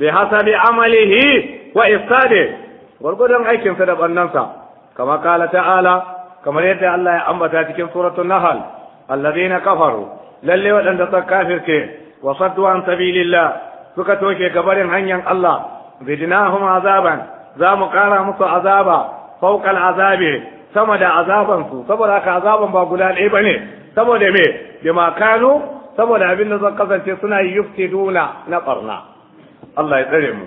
bi hasabi amalihi wa ifsade gwargwadon aikinsa da bannansa kama kala ta'ala kamar yadda Allah ya ambata cikin suratul nahl na kafaru lalle waɗanda suka kafirce wa saddu an suka toke gabarin hanyar Allah zidnahum azaban za mu kara musu azaba fawqal azabe, sama da azaban su saboda haka azaban ba guda ɗaya bane saboda me bima kanu saboda abin da zan kasance suna yuftiduna na barna Allah ya tsare mu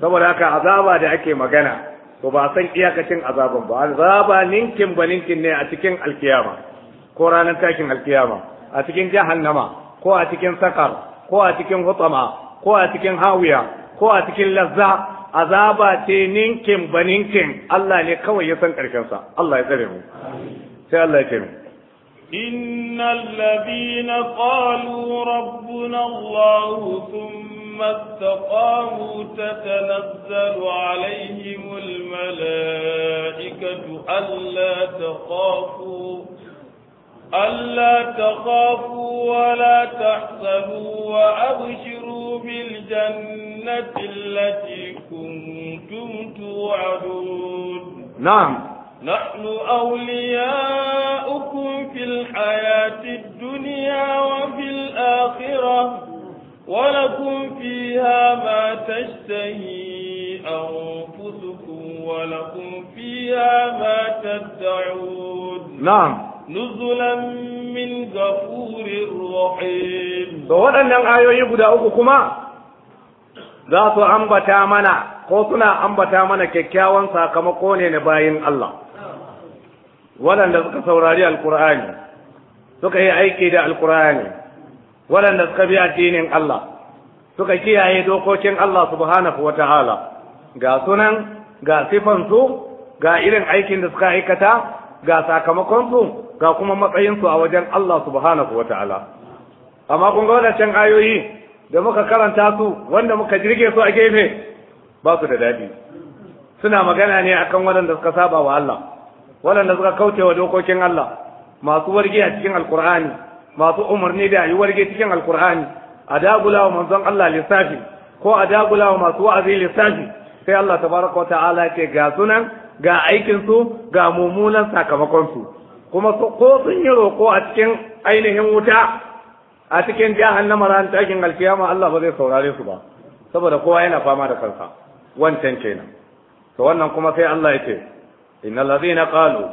saboda haka azaba da ake magana to ba san iyakacin azaban ba azaba ninkin ba ninkin ne a cikin alkiyama ko ranar takin alkiyama a cikin jahannama ko a cikin sakar ko a cikin hutama ko a cikin hawiya ko a cikin lazza azaba ce ninkin ba ninkin Allah ne kawai ya san ƙarshensa Allah ya tsare mu sai Allah ya ce إن الذين قالوا ربنا الله ثم استقاموا تتنزل عليهم الملائكة ألا تخافوا ألا تخافوا ولا تحزنوا وأبشروا بالجنة التي كنتم توعدون نعم نحن أولياؤكم في الحياة الدنيا وفي الآخرة ولكم فيها ما تشتهي أنفسكم ولكم فيها ما تدعون نعم nuzulan min gafurin rahim to waɗannan ayoyi guda uku kuma za su ambata mana ko suna ambata mana kyakkyawan sakamako ne na bayin Allah waɗanda suka saurari alkur'ani suka yi aiki da alkur'ani waɗanda suka bi addinin Allah suka kiyaye dokokin Allah subhanahu wa ta'ala ga sunan ga sifansu ga irin aikin da suka aikata ga sakamakonsu, ga kuma matsayin su a wajen Allah subhanahu Ta'ala, amma kun ga wadancan ayoyi da muka karanta su wanda muka jirge su a gefe ba su da daɗi suna magana ne akan waɗanda suka saba wa Allah waɗanda suka kauce wa dokokin Allah masu warge a cikin alkur'ani masu umarni da yi warge cikin alkur'ani a dagula wa manzon Allah lissafi ko a dagula wa masu wa'azi lissafi sai Allah baraka wa ta'ala ce ga sunan ga aikinsu ga mummunan sakamakonsu kuma ko sun yi roƙo a cikin ainihin wuta a cikin jahannama ran takin alkiyama Allah ba zai saurare su ba saboda kowa yana fama da kansa wancan kenan to wannan kuma sai Allah ya ce innal ladina qalu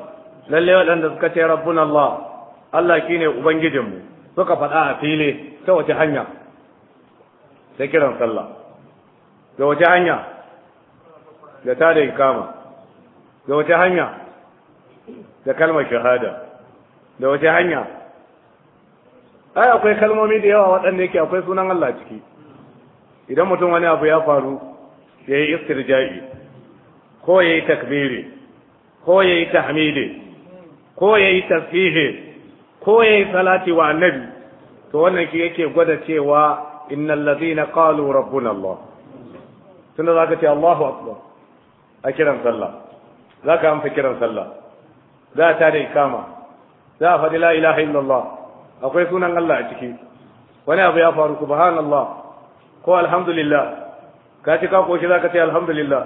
lalle wadanda suka ce rabbuna Allah Allah kine ubangijinmu suka faɗa a fili ta wace hanya sai kiran sallah da wace hanya da ta da ikama da wata hanya da kalmar shahada da wata hanya ai akwai kalmomi da yawa waɗanda yake akwai sunan Allah ciki idan mutum wani abu ya faru ya yi istirja'i ko ya yi takbiri ko ya yi tahmidi ko ya yi tasfihe ko ya yi salati wa annabi to wannan ki yake gwada cewa innal ladina qalu rabbuna Allah tunda zaka ce Allahu akbar a kiran sallah za ka amsa kiran sallah za a tada ikama za a faɗi la ilaha illallah akwai sunan Allah a ciki wani abu ya faru subhanallah ko alhamdulillah ka ci ka koshi za ka ce alhamdulillah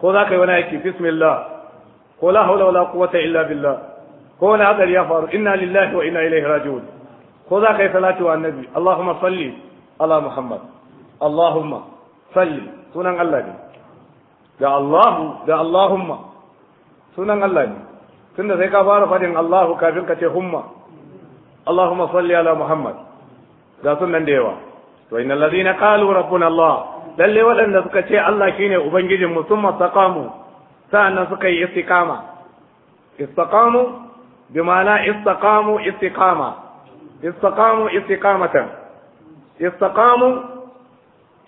ko za ka yi wani aiki bismillah ko la haula wala quwwata illa billah ko wani hadari ya faru inna lillahi wa inna ilaihi raji'un ko za ka yi salatu wa annabi allahumma salli ala muhammad allahumma salli sunan Allah ne da Allahu da Allahumma sunan Allah ne tunda sai ka fara fadin Allahu kafin ka ce humma Allahumma salli ala Muhammad ga sunan da yawa to innal ladina qalu rabbuna Allah lalle wadanda suka ce Allah shine ubangijin mu summa saqamu sa'annan suka yi istiqama istiqamu bima'ana istiqamu istiqama istiqamu, استقامة istiqamu,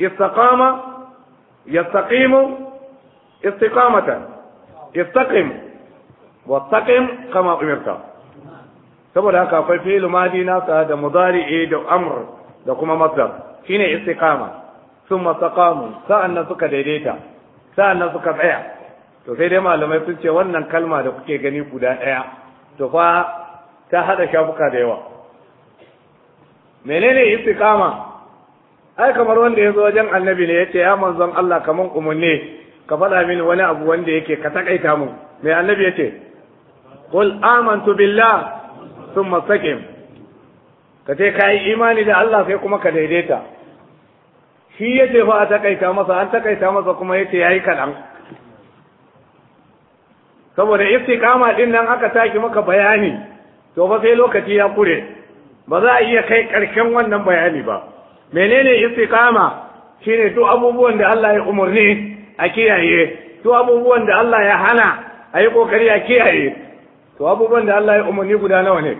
استقامة يستقيم استقامة istaqim wattaqim kama umirta saboda haka akwai fi'il madi nasa da mudari'i da amr da kuma masdar shine istiqama thumma taqamu sa'annan suka daidaita sa'annan suka tsaya to sai dai malamai sun ce wannan kalma da kuke gani guda ɗaya to fa ta hada shafuka da yawa menene istiqama ai kamar wanda ya zo wajen annabi ne ya ce ya manzon Allah kaman umarni ka faɗa min wani abu wanda yake ka takaita mu mai annabi ce. qul amantu billah thumma istaqim ka ce ka yi imani da Allah sai kuma ka daidaita shi ya ce fa a takaita masa an takaita masa kuma ya yace yi kaɗan saboda istiqama ɗin nan aka taki maka bayani to ba sai lokaci ya kure ba za a iya kai ƙarshen wannan bayani ba menene shi shine duk abubuwan da Allah ya umarni a kiyaye to abubuwan da Allah ya hana a yi kokari a kiyaye to abubuwan da Allah ya umarni guda nawa ne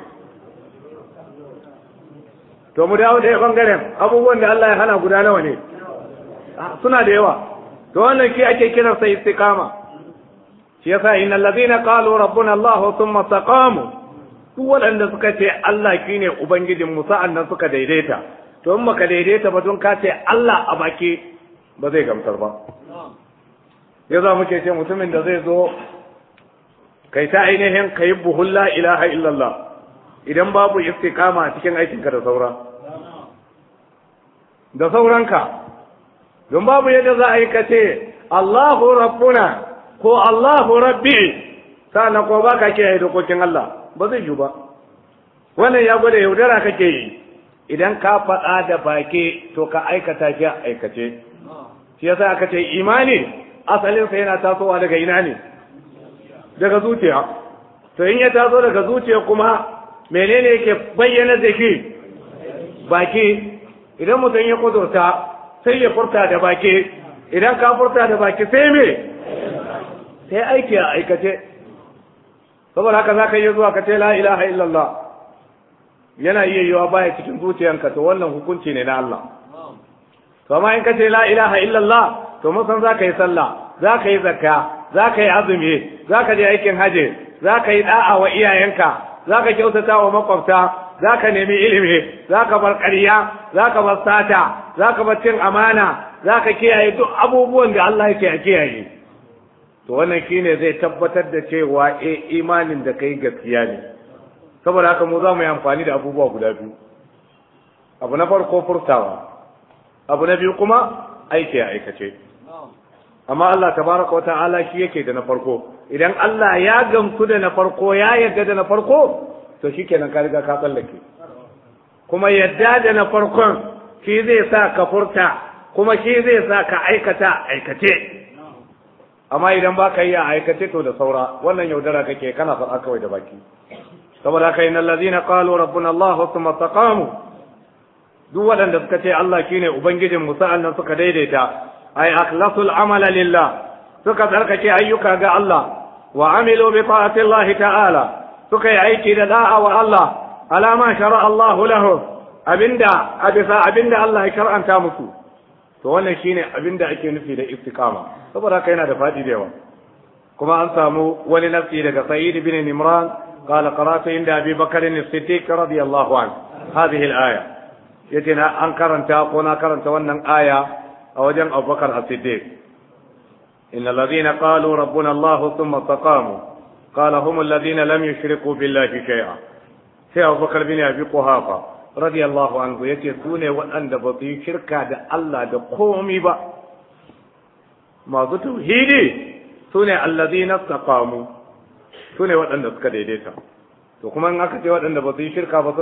to mu dawo da bangaren abubuwan da Allah ya hana guda nawa ne ah, suna da yawa to wannan ki ake kira sai istiqama shi yasa innal ladina qalu rabbuna Allah thumma taqamu duk waɗanda suka ce Allah ne ubangijin mu sa'annan suka daidaita to in ka daidaita ba don ka ce Allah a baki ba zai gamsar ba ya za muke ce mutumin da zai zo kai ta ainihin ka yi buhun la ilaha illallah idan babu istiqama a cikin aikinka da saura da sauranka don babu yadda za a yi ka ce Allahu rabbuna ko Allahu rabbi sa'an ko ba ka kiyaye dokokin Allah ba zai yiwu ba wannan ya gwada yaudara kake yi idan ka faɗa da baki to ka aikata shi aikace shi yasa aka ce imani asalinsa yana tasowa daga ina ne daga zuciya to in ya taso daga zuciya kuma menene yake bayyana da shi baki idan mutum ya kudurta sai ya furta da baki idan ka furta da baki sai me sai aiki a aikace saboda haka za ka iya zuwa ka ce la ilaha illallah yana iya yiwa baya cikin zuciyanka to wannan hukunci ne na Allah to amma in ka ce la ilaha illallah to mun san za ka yi sallah za yi zakka za yi azumi za je aikin haji za yi da'a wa iyayenka za kyautata wa makwabta za nemi ilimi za bar ƙarya za bar sata za bar cin amana za kiyaye duk abubuwan da Allah yake a kiyaye to wannan shine zai tabbatar da cewa e imanin da kai gaskiya ne saboda haka mu za mu yi amfani da abubuwa guda biyu abu na farko furtawa abu na biyu kuma aiki a aikace amma Allah tabaraka wata'ala shi yake da na farko idan Allah ya gamsu da na farko ya yarda da na farko to shikenan ka riga ka tsallake kuma yadda da na farkon shi zai sa ka furta kuma shi zai sa ka aikata aikace amma idan ba ka yi a aikace to da saura wannan yaudara kake kana faɗa kawai da baki saboda haka innal allazina qalu rabbuna Allah thumma taqamu duk waɗanda suka ce Allah shine ubangijin mu sa'an suka daidaita ay aklasul amala lillah suka tsarkake ayyuka ga Allah wa amilu bi ta'atillahi ta'ala suka yi aiki da da'a wa Allah alama shara Allah lahu abinda a bisa abinda Allah ya shar'anta musu to wannan shine abinda ake nufi da istiqama saboda haka yana da fadi da yawa kuma an samu wani nafsi daga Sa'id ibn Nimran qala qara'tu inda Abi Bakr as-Siddiq radiyallahu anhu hadhihi al-aya yace na an karanta ko na karanta wannan aya a wajen abubakar as-siddiq inna alladhina qalu rabbuna allah thumma istaqamu qala hum alladhina lam yushriku billahi shay'a sai abubakar bin abi quhafa radiyallahu anhu yace su ne waɗanda ba su yi shirka da allah da komi ba masu tauhidi su ne alladhina waɗanda suka daidaita to kuma in aka ce waɗanda ba su yi shirka ba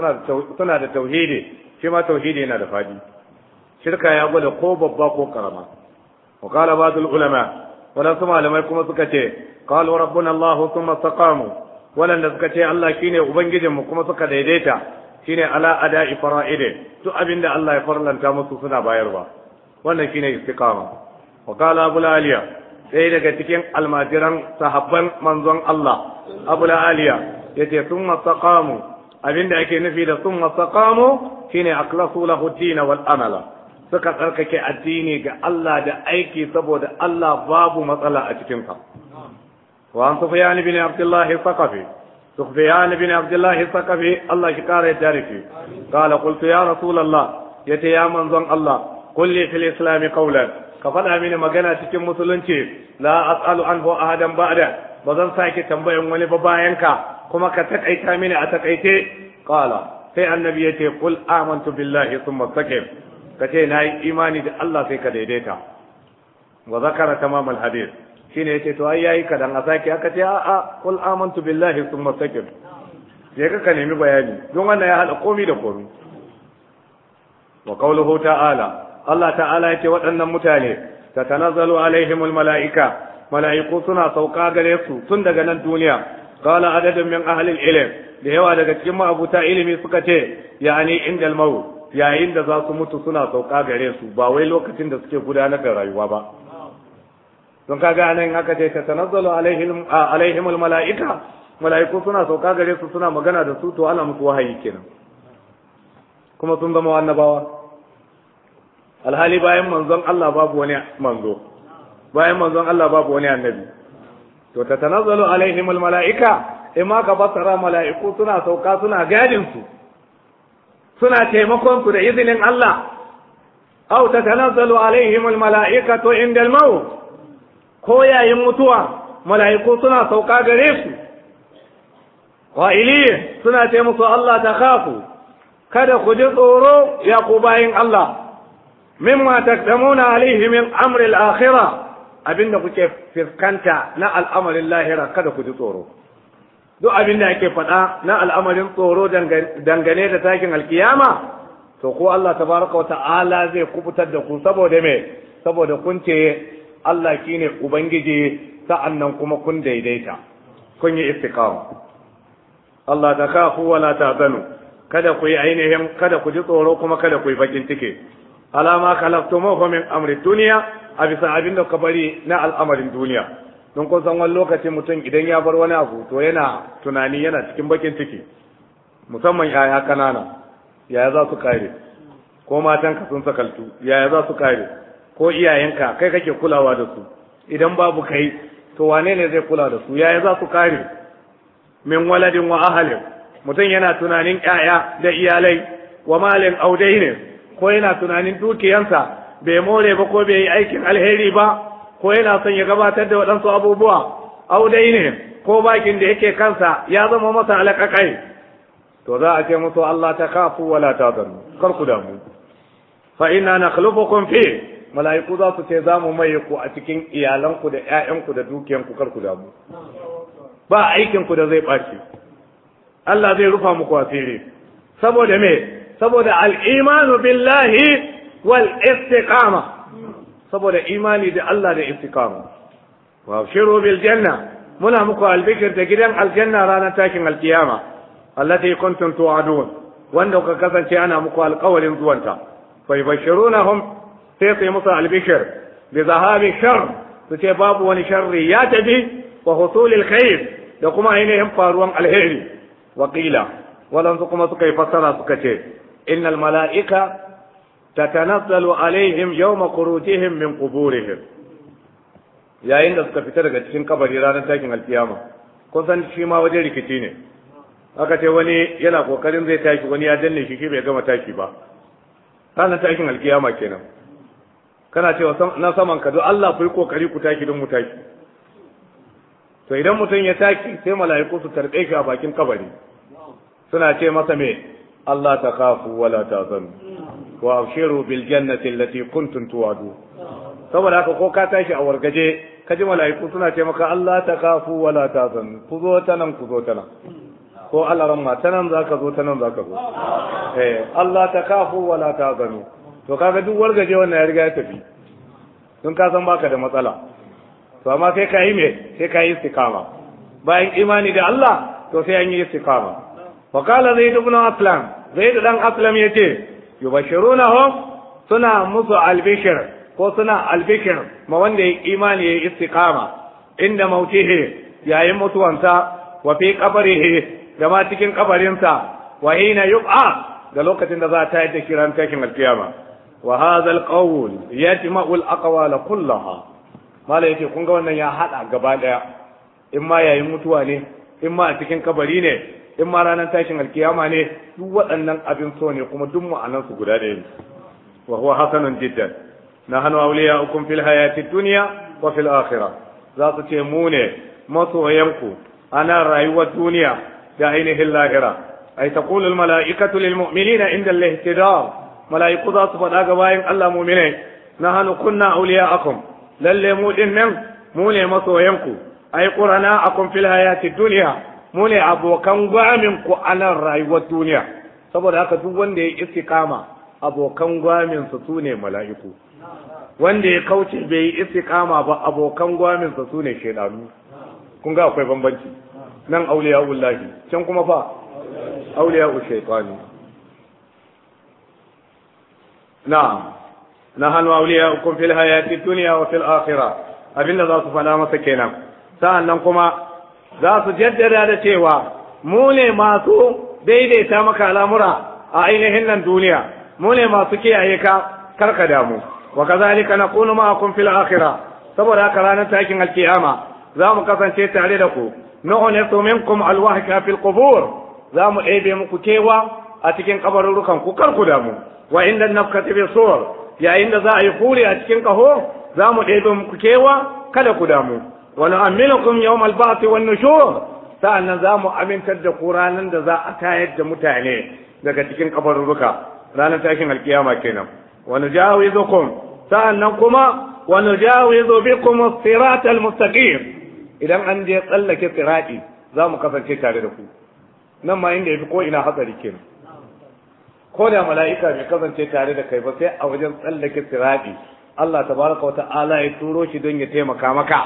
suna da tauhidi shi ma tauhidi yana da fadi shirka ya gwada ko babba ko karama wa qala ba'dul ulama su malamai kuma suka ce qalu rabbuna allah thumma istaqamu da suka ce allah shine ubangijinmu kuma suka daidaita shine ala ada'i fara'ide duk abinda allah ya farlanta musu suna bayarwa wannan shine istiqama wa qala abul aliya sai daga cikin almajiran sahabban manzon allah abul aliya yace thumma istaqamu abinda ake nufi da thumma istaqamu shine akhlasu lahu ad wal amala suka tsarkake addini ga Allah da aiki saboda Allah babu matsala a cikin sa wa an sufyan ibn abdullah saqafi sufyan ibn abdullah saqafi Allah shi kare tarifi qala qultu ya rasulullah yace ya manzon Allah kulli fil islam qawlan ka faɗa mini magana cikin musulunci la as'alu anhu ahadan ba'da ba zan sake tambayan wani ba bayan ka kuma ka takaita mini a takaice qala sai annabi yace qul amantu billahi thumma sakim ka ce na yi imani da Allah sai ka daidaita wa zakara tamam alhadis shine yace to ai yayi kadan a saki aka ce a a kul amantu billahi thumma sakin ka nemi bayani don wannan ya hada komi da komi wa qawluhu ta'ala Allah ta'ala yace waɗannan mutane tatanazzalu alaihimul mala'ika mala'iku suna sauka gare su tun daga nan duniya قال عدد من أهل da yawa daga cikin أبو ilimi suka ce yani عند الموت yayin da za su mutu suna sauka gare su ba wai lokacin da suke gudanar da rayuwa ba don kaga nan haka ce ta tanazzalu alaihim alaihim almalaika malaiku suna sauka gare su suna magana da su to ana muku wahayi kenan kuma sun zama annabawa alhali bayan manzon Allah babu wani manzo bayan manzon Allah babu wani annabi to ta tanazzalu alaihim almalaika imma ka basara malaiku suna sauka suna gadin su suna taimakon su da izinin Allah aw tatanazzalu alaihim almalaikatu inda almaut ko yayin mutuwa mala'iku suna sauka gare su wa suna ce musu Allah ta khafu kada ku ji tsoro ya ku bayin Allah mimma taqdamuna alaihi min amri al-akhirah abinda kuke fiskanta na al'amarin lahira kada ku ji tsoro duk abin da yake faɗa na al'amarin tsoro dangane da takin alkiyama to ko Allah tabaraka wa ta'ala zai kubutar da ku saboda me saboda kun ce Allah ne ubangiji sa'annan kuma kun daidaita kun yi istiqama Allah ta kafu wala ta'zanu kada ku yi ainihin kada ku ji tsoro kuma kada ku yi bakin ciki alama kalaftumuhu min amri duniya a bisa abin da ka bari na al'amarin duniya don kun san wani lokaci mutum idan ya bar wani abu to yana tunani yana cikin bakin ciki musamman yaya kanana yaya za su kare ko matanka sun sakaltu yaya za su kare ko iyayenka kai kake kulawa da su idan babu kai to wane ne zai kula da su yaya za su kare min waladin wa ahalin mutum yana tunanin yaya da iyalai wa malin audai ne ko yana tunanin dukiyansa bai more ba ko bai yi aikin alheri ba ko yana son ya gabatar da waɗansu abubuwa audai ne ko bakin da yake kansa ya zama masa alaƙaƙai to za a ce musu Allah ta kafu wala ta zannu kar ku damu fa inna nakhluqukum fi mala'iku za su ce za mu maye ku a cikin iyalanku da ƴaƴanku da dukiyanku kar ku damu ba aikin ku da zai ɓaci Allah zai rufa muku asiri saboda me saboda al-imanu billahi wal istiqama saboda imani da Allah da istiqama wa shiru bil janna muna muku albikir da gidan aljanna ranar takin alkiyama allati kuntum tu'adun wanda kuka kasance ana muku alƙawarin zuwanta fa yubashirunahum sai su musu albishir. bi zahabi shar su ce babu wani sharri ya tabi wa husulil khair da kuma ainihin faruwan alheri wa qila kuma suka yi fassara suka ce innal mala'ika tatanazzalu alaihim yawma khurujihim min quburihim yayin da suka fita daga cikin kabari ranar takin alkiyama kun san shi ma wajen rikici ne aka ce wani yana kokarin zai taki wani ya danne shi shi bai gama tashi ba ranar takin alkiyama kenan kana cewa na saman ka Allah ku yi kokari ku taki don mu tashi to idan mutum ya taki, sai mala'iku su tarbe a bakin kabari suna ce masa me Allah ta kafu wala ta zanu wa abshiru bil jannati allati kuntum tu'adu saboda haka ko ka tashi a wargaje ka ji mala'iku suna ce maka Allah ta kafu wala ta zanu ku zo ta nan ku zo ta nan ko Allah ramma ta nan zaka zo ta nan zaka zo eh Allah ta kafu wala ta zanu to kaga duk wargaje wannan ya riga ya tafi don ka san baka da matsala to amma sai ka yi me sai ka yi istiqama bayan imani da Allah to sai an yi istiqama wa qala zaid ibn aslam zaid dan aslam yace yubashirunahum suna musu albishir ko suna albishir ma wanda ya imani ya istiqama inda mautihi yayin mutuwansa wa fi qabrihi cikin kabarinsa wa hina yub'a da lokacin da za ta yi da kiran takin alkiyama wa hadha alqawl yajma'u alaqwala kullaha mala yake kun ga wannan ya haɗa gaba ɗaya? in ma yayin mutuwa ne in ma a cikin kabari ne in ma ranar tashin alkiyama ne duk waɗannan abin so ne kuma duk ma'anan su guda ɗaya ne wa huwa hasanun jiddan nahnu awliya'ukum fil hayati duniya wa fil akhira. za su ce mu ne masoyanku ana rayuwar duniya da ainihin lahira ay taqulu al mala'ikatu lil mu'minina inda al ihtidar mala'iku za su faɗa ga bayan Allah mu'minai hannu kunna awliya'akum lalle mu din nan mu ne masoyanku ay qurana akum fil hayati duniya. mu ne abokan gwamin ku a nan rayuwar duniya saboda haka duk wanda ya istiqama abokan gwamin su su ne mala'iku wanda ya kauce bai yi istiqama ba abokan gwamin su su ne shaidanu. kun ga akwai bambanci nan auliya'ullahi can kuma fa auliya'u shaytani na'am auliya kun fil hayati dunya wa fil akhirah abinda za su faɗa masa kenan sa'an nan kuma za su jaddada da cewa mu ne masu daidaita maka al'amura a ainihin nan duniya mu ne masu kiyaye ka karka damu wa kazalika naqulu ma'akum fil akhirah saboda haka ranar takin alkiyama za mu kasance tare da ku nuhnisu minkum alwahka fil qubur za mu ɗebe muku kewa a cikin kabarurukan ku kar ku damu wa inda nafkati bi sur yayin da za a yi kuri a cikin kaho za mu ɗebe muku kewa kada ku damu wani aminukum yawmal ba'thi wan nushur sa'annan za mu amintar da ku ranar da za a tayar da mutane daga cikin kafaruruka ranar tashin alkiyama kenan wa nujawizukum sa'annan kuma wa nujawizu bikum as-sirat al idan an je tsallake sirati za mu kasance tare da ku nan ma inda yafi fi ko'ina hatsari kenan ko da mala'ika bai kasance tare da kai ba sai a wajen tsallake sirati Allah tabaraka wa ta'ala ya turo shi don ya taimaka maka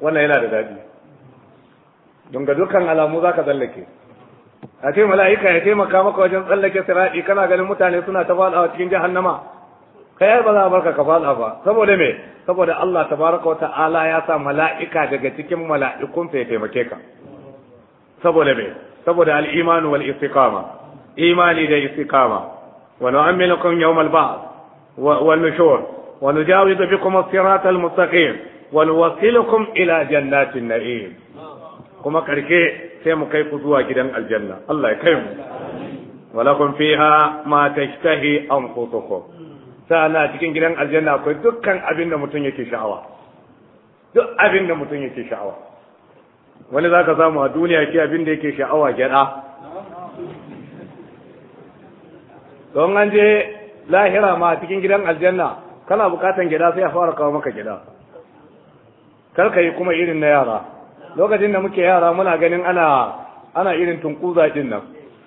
wannan yana da daɗi don ga dukkan alamu za ka tsallake a ce mala'ika ya taimaka maka wajen tsallake siraɗi kana ganin mutane suna ta faɗawa cikin jahannama kai ba za a barka ka faɗa ba saboda me saboda Allah tabaraka wa ta'ala ya sa mala'ika daga cikin mala'ikun ya taimake ka saboda me saboda al-imanu wal istiqama imani da istiqama wa nu'minukum yawmal ba'd wa nushur wa nujawizu bikum as sirata al mustaqim walwasilukum ila jannatin na'im kuma karke sai mu kai ku zuwa gidan aljanna Allah ya kai mu walakum fiha ma tashtahi anfusukum sana cikin gidan aljanna akwai dukkan abin da mutum yake sha'awa duk abin da mutum yake sha'awa wani zaka samu a duniya ke abin da yake sha'awa gyaɗa? don an je lahira ma cikin gidan aljanna kana bukatan gida sai a fara kawo maka gida kar ka yi kuma irin na yara lokacin da muke yara muna ganin ana ana irin tunkuza din nan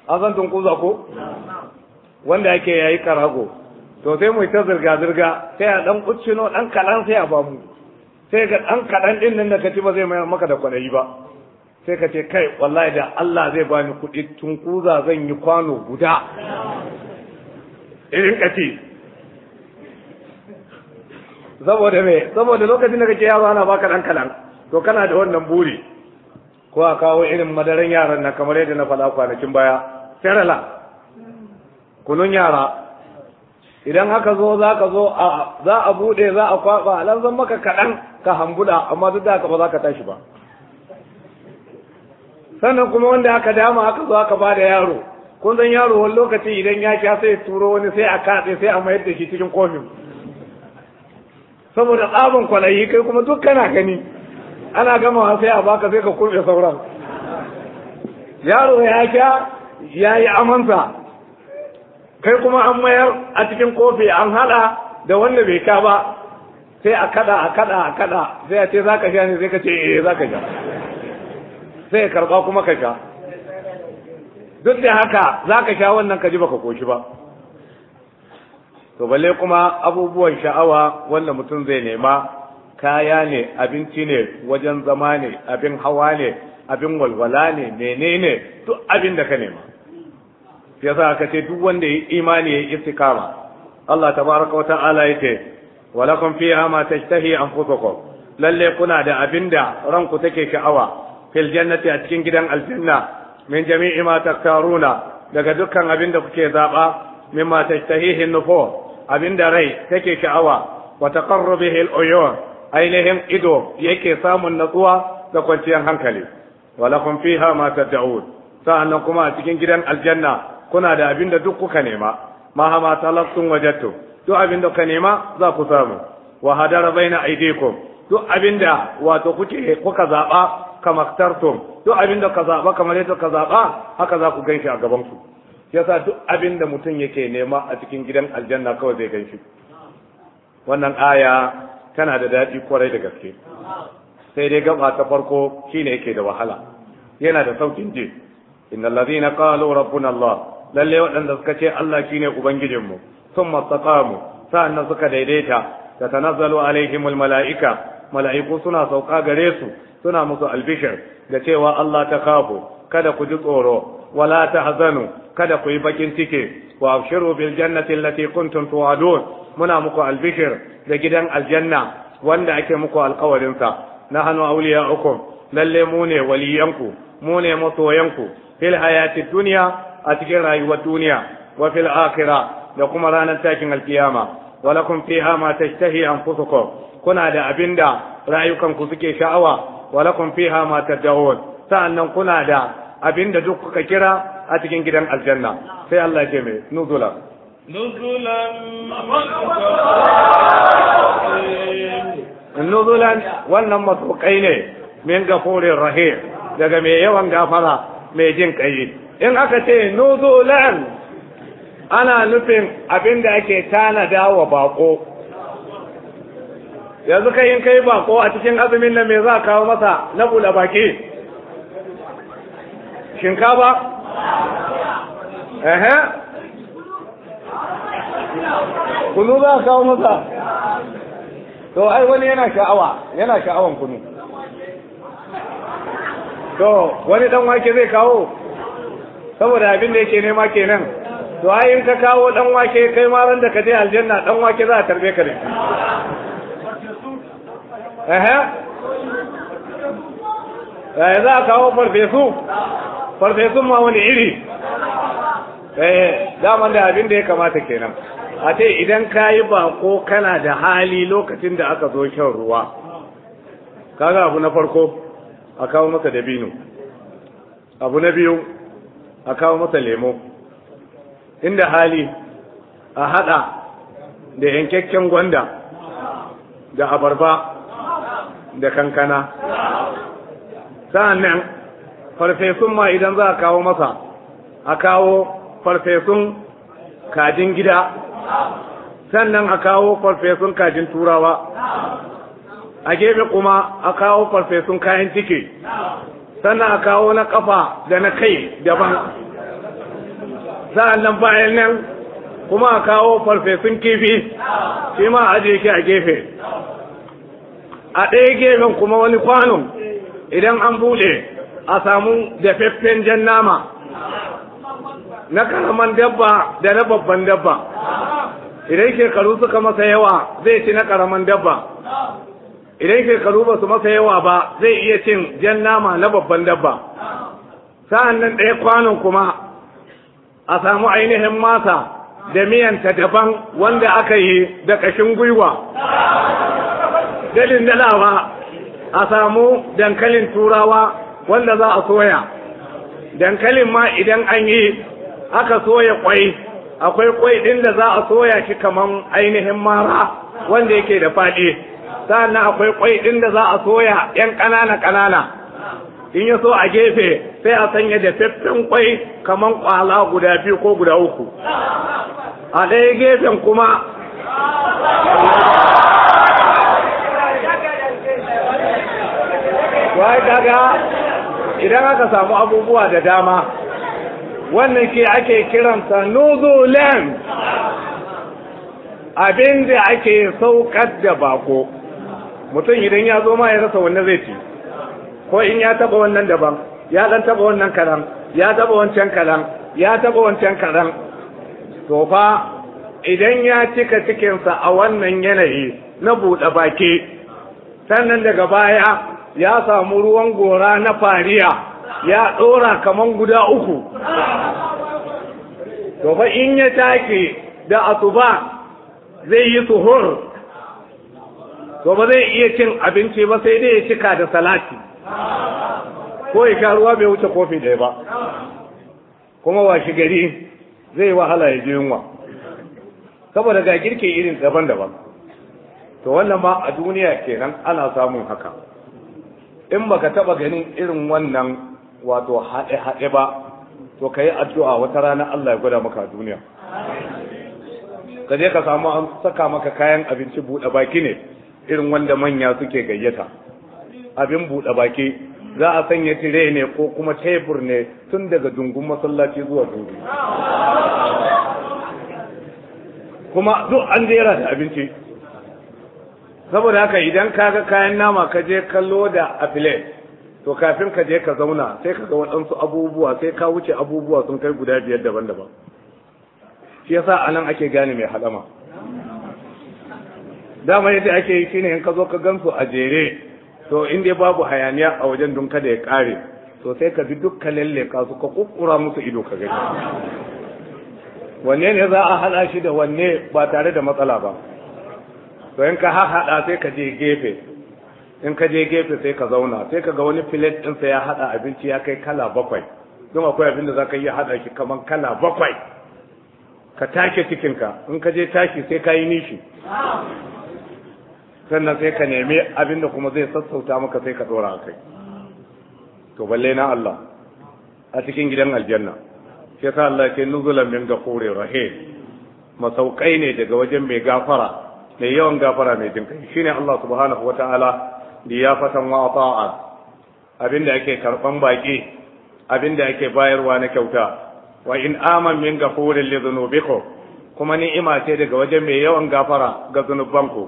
an san tunkuza ko wanda yake yayi karago to sai mu ta zirga zirga sai a dan kuccino dan kalan sai a bamu sai ga dan kalan din nan da kace ba zai mayar maka da kwadayi ba sai kace kai wallahi da Allah zai bani kuɗi tunkuza zan yi kwano guda irin kace saboda me saboda lokacin da kake yaro ana baka dan kalan to kana da wannan buri ko a kawo irin madaran yaran na kamar yadda na faɗa kwanakin baya sarala kunun yara idan haka zo za ka zo a za a buɗe za a kwaɓa a zan maka kaɗan ka hambuda amma duk da haka ba za ka tashi ba sannan kuma wanda aka dama aka zo aka ba da yaro kun zan yaro wani lokaci idan ya sha sai turo wani sai a katse sai a mayar da shi cikin kofin saboda tsaban kwalayi kai kuma duk kana gani ana gama sai a baka sai ka kurbe sauran yaro ya sha ya yi amansa kai kuma an mayar a cikin kofi an hada da wanda bai ka ba sai a kada a kada a kada sai a ce za ka sha ne sai ka ce eh za ka sha sai karba kuma ka sha duk da haka za ka sha wannan ka ji baka koshi ba to balle kuma abubuwan sha'awa wanda mutum zai nema kaya ne abinci ne wajen zama ne abin hawa ne abin walwala ne menene duk abin da ka nema Ya sa ka ce duk wanda ya imani ya kama? Allah tabaraka wa ta'ala yace wa lakum fiha ma tashtahi anfusukum lalle kuna da abinda ranku take sha'awa fil jannati a cikin gidan aljanna min jami'i ma taktaruna daga dukkan da kuke zaba mimma tashtahihi nufur abinda rai take sha'awa wa taqarrubihi al-uyun ainihin ido yake samun natsuwa da kwanciyar hankali wa lakum fiha ma tad'un sa'annan kuma a cikin gidan aljanna kuna da abinda duk kuka nema ma hama talaqtum wajadtum duk abinda kuka nema za ku samu wa hadara baina aydikum duk abinda wato kuke kuka zaba kamaktartum duk abinda ka zaba kamar yadda ka zaba haka za ku gaishe a gaban ku yasa duk abin da mutum yake nema a cikin gidan aljanna kawai zai ganshi wannan aya tana da daɗi kwarai da gaske sai dai gaba ta farko shine yake da wahala yana da saukin ji inna allazina qalu rabbuna allah lalle waɗanda suka ce allah shine ubangijinmu thumma istaqamu sa'annan suka daidaita ta tatanazzalu alaihimul mala'ika mala'iku suna sauka gare su suna musu albishir da cewa allah ta kafu kada ku ji tsoro wala tahzanu kada ku yi bakin ciki wa abshiru bil jannati allati kuntum tu'adun muna muku albishir da gidan aljanna wanda ake muku alƙawarin sa nahnu awliya'ukum lalle mu ne waliyanku mu ne masoyanku fil hayati dunya a cikin rayuwar duniya wa fil akhirah da kuma ranar takin alkiyama walakum fiha ma tashtahi anfusukum kuna da abinda rayukanku suke sha'awa walakum fiha ma tad'un sa'annan kuna da Abin da duk kuka kira a cikin gidan aljanna sai Allah ya ce mai nuzula nuzulan nuzulan wannan matsukai ne min gafurin rahim daga mai yawan gafara mai jin kai in aka ce nuzulan ana nufin abin da ake tanada wa bako yanzu kai in kai bako a cikin azumin nan me za kawo masa na bula baki shinkafa ehe kunu za a kawo masa to ai wani yana sha'awa yana sha'awan kunu to wani dan wake zai kawo saboda abin da yake nema kenan to ai in ka kawo dan wake kai ma ran da ka je aljanna dan wake za a tarbe ka ne eh eh za a kawo farfesu farfesun ma wani iri eh daman da abin da ya kamata kenan a ce idan ka yi bako kana da hali lokacin da aka zo shan ruwa kaga abu na farko a kawo masa dabino abu na biyu a kawo masa lemo inda hali a hada da yankakken gwanda da abarba da kankana sa'annan farfesun ma idan za a kawo masa a kawo farfesun kajin gida sannan a kawo farfesun kajin turawa a gefe kuma a kawo farfesun kayan ciki sannan a kawo na kafa da na kai daban sa'annan bayan nan kuma a kawo farfesun kifi shi ma a ki a gefe a ɗaya gefen kuma wani kwanon idan an buɗe a samu dafaffen jan nama na karaman dabba da na babban dabba idan shekaru suka masa yawa zai ci na karaman dabba idan shekaru ba su masa yawa ba zai iya cin jan nama na babban dabba sa'an nan ɗaya kwanon kuma a samu ainihin masa da miyanta daban wanda aka yi da ƙashin gwiwa dalin daɗawa, a samu dankalin turawa wanda za a soya dankalin ma idan an yi aka soya kwai akwai kwai ɗin da za a soya shi kaman ainihin mara wanda yake da faɗi sannan akwai kwai ɗin da za a soya yan ƙanana ƙanana in ya so a gefe sai a sanya da faffen kwai kaman kwala guda biyu ko guda uku a ɗaya gefen kuma wai idan aka samu abubuwa da dama wannan ke ake kiransa nuzulan abin da ake saukar da bako mutum idan ya zo ma ya rasa wanne zai ci ko in ya taba wannan daban ya dan taba wannan kalan ya taba wancan kalan ya taba wancan kalan to fa idan ya cika cikinsa a wannan yanayi na buɗe baki sannan daga baya ya samu ruwan gora na fariya ya ɗora kaman guda uku to fa in ya take da asuba zai yi suhur to ba zai iya cin abinci ba sai dai ya cika da salati ko ya ruwa bai wuce kofi ɗaya ba kuma washi gari zai wahala ya ji yunwa saboda ga girke irin daban-daban to wannan ma a duniya kenan ana samun haka in baka taba ganin irin wannan wato haɗe-haɗe ba to ka yi addu'a wata rana Allah ya gwada maka duniya ka je ka samu an saka maka kayan abinci buɗe baki ne irin wanda manya suke gayyata abin buɗe baki za a sanya tire ne ko kuma tebur ne tun daga dungun masallaci zuwa dungu kuma duk an jera da abinci saboda haka idan ka ga kayan nama ka je kallo da afilet to kafin ka je ka zauna sai ka ga waɗansu abubuwa sai ka wuce abubuwa sun kai guda biyar daban-daban shi yasa a nan ake gane mai halama dama yadda ake yi shine in ka zo ka gansu a jere to in dai babu hayaniya a wajen don kada ya kare to sai ka bi duk lalle ka su ka kukkura musu ido ka gani wanne ne za a hada shi da wanne ba tare da matsala ba to in ka haɗa sai ka je gefe in ka je gefe sai ka zauna sai ka ga wani filet ɗinsa ya haɗa abinci ya kai kala bakwai don akwai abin da za ka iya haɗa shi kamar kala bakwai ka take cikinka in ka je tashi sai ka yi nishi sannan sai ka nemi abin da kuma zai sassauta maka sai ka ɗora kai to balle na Allah a cikin gidan aljanna sai yasa Allah ke nuzulan min gafure rahim masaukai ne daga wajen mai gafara mai yawan gafara mai jin kai shine Allah subhanahu wataala da ya fatan wa ta'a abinda ake karban baki abinda ake bayarwa na kyauta wa in aman min ghafurin li dhunubikum kuma ni'ima ce daga wajen mai yawan gafara ga zunubanku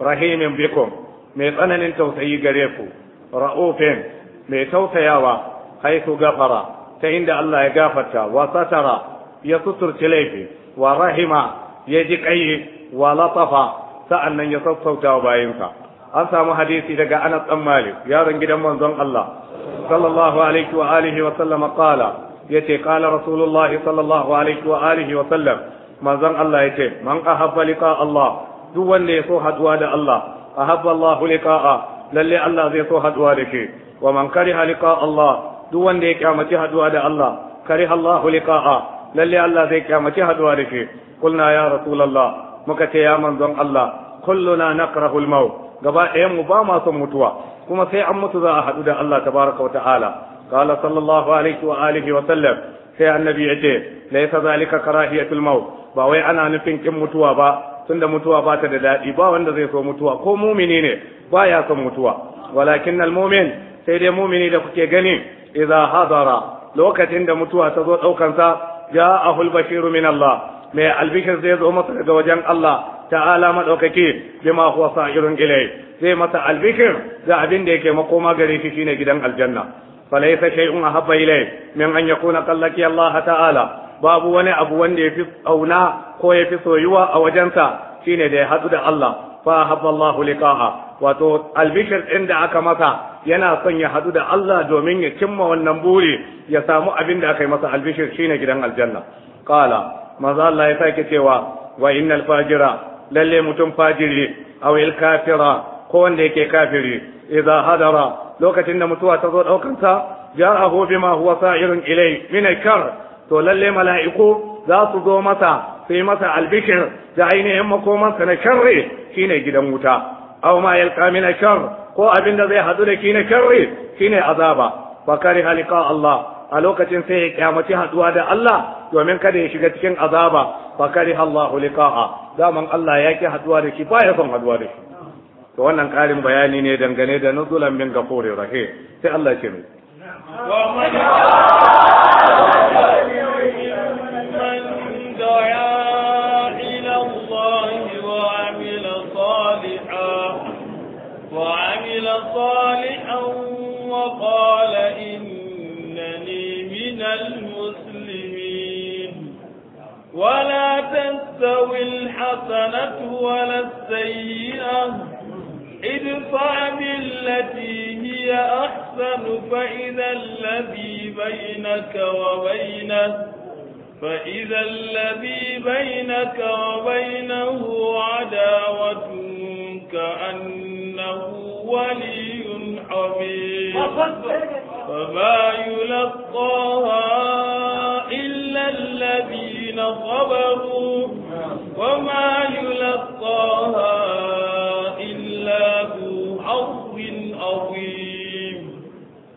rahimin bikum mai tsananin tausayi gare ku ra'ufin mai tausayawa haiku gafara ta inda Allah ya gafarta wa satara ya suturci laifi wa rahima ya ji ƙayi wa latafa nan ya sassauta wa bayinsa an samu hadisi daga Anas dan Malik yaron gidan manzon Allah sallallahu alaihi wa alihi wa sallama qala yace kala rasulullahi sallallahu alaihi wa alihi wa sallam manzon Allah ya ce. man ka ahabba liqa Allah duk wanda ya so haduwa da Allah a ahabba Allah liqa'a lalle Allah zai so haduwa da shi wa man kariha liqa Allah duk wanda ya kyamaci haduwa da Allah kariha Allah liqa'a lalle Allah zai kyamaci haduwa da shi kulna ya rasulullah muka ce ya manzon Allah kulluna nakrahu al-maut gaba ɗayan mu ba ma son mutuwa kuma sai an mutu za a haɗu da Allah tabaraka wa ta'ala qala sallallahu alaihi wa alihi wa sallam sai annabi yace laysa zalika karahiyatul maut ba wai ana nufin kin mutuwa ba tunda mutuwa ba ta da daɗi ba wanda zai so mutuwa ko mumini ne ba ya son mutuwa walakin al-mu'min sai dai mumini da kuke gani idza hadara lokacin da mutuwa ta zo daukansa ja'ahul bashiru min Allah mai albishir zai zo masa daga wajen Allah ta'ala maɗaukaki bima huwa irin ilai. zai masa albishir da abin da yake makoma gare shi shine gidan aljanna falaysa a Haba ilai, min an yakuna qallaki Allah ta'ala babu wani abu wanda ya yafi auna ko yafi soyuwa a wajensa shine da ya hadu da Allah fa habba Allah liqaha wato albishir inda aka masa yana son ya haɗu da Allah domin ya cimma wannan buri ya samu abin da aka yi masa albishir shine gidan aljanna qala manzo Allah ya sake cewa wa innal fajira lalle mutum fajiri aw il kafira ko wanda yake kafiri idza hadara lokacin da mutuwa ta zo daukan sa ja'ahu bima huwa sa'irun ilai min al-kar to lalle mala'iku za su zo masa sai masa albikir da ainihin makomansa na sharri shine gidan wuta aw ma yalqa min al-kar ko abin da zai hadu da kina na sharri shine azaba fa halika Allah a lokacin sai ya kyamaci haɗuwa da Allah domin kada ya shiga cikin azaba ba kari Allahu liqa'a zaman Allah ya ki haɗuwa da shi ba ya son haɗuwa da shi to wannan ƙarin bayani ne dangane da nuzulan min ghafurir rahim sai Allah ce mai وعمل صالحا وقال المسلمين ولا تستوي الحسنة ولا السيئة ادفع بالتي هي أحسن فإذا الذي بينك وبينه فإذا الذي بينك وبينه عداوة كأنه ولي حميد وما يلقاها إلا الذين صبروا وما يلقاها إلا ذو حظ عظيم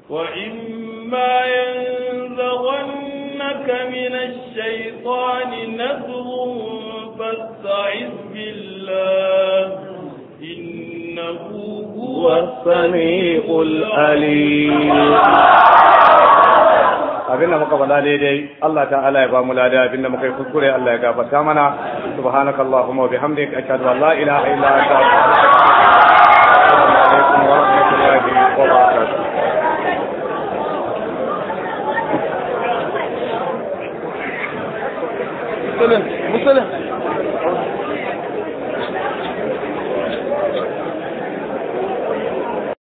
وإما ينزغنك من الشيطان نزغ فاستعذ بالله إن إنه هو السميع العليم abinda muka faɗa daidai Allah ta'ala ya ba mu lada abinda muka yi kuskure Allah ya gafarta mana subhanaka allahumma wa bihamdika ashhadu an la ilaha illa anta astaghfiruka wa atubu ilayk wa barakatuh Muslim, Muslim.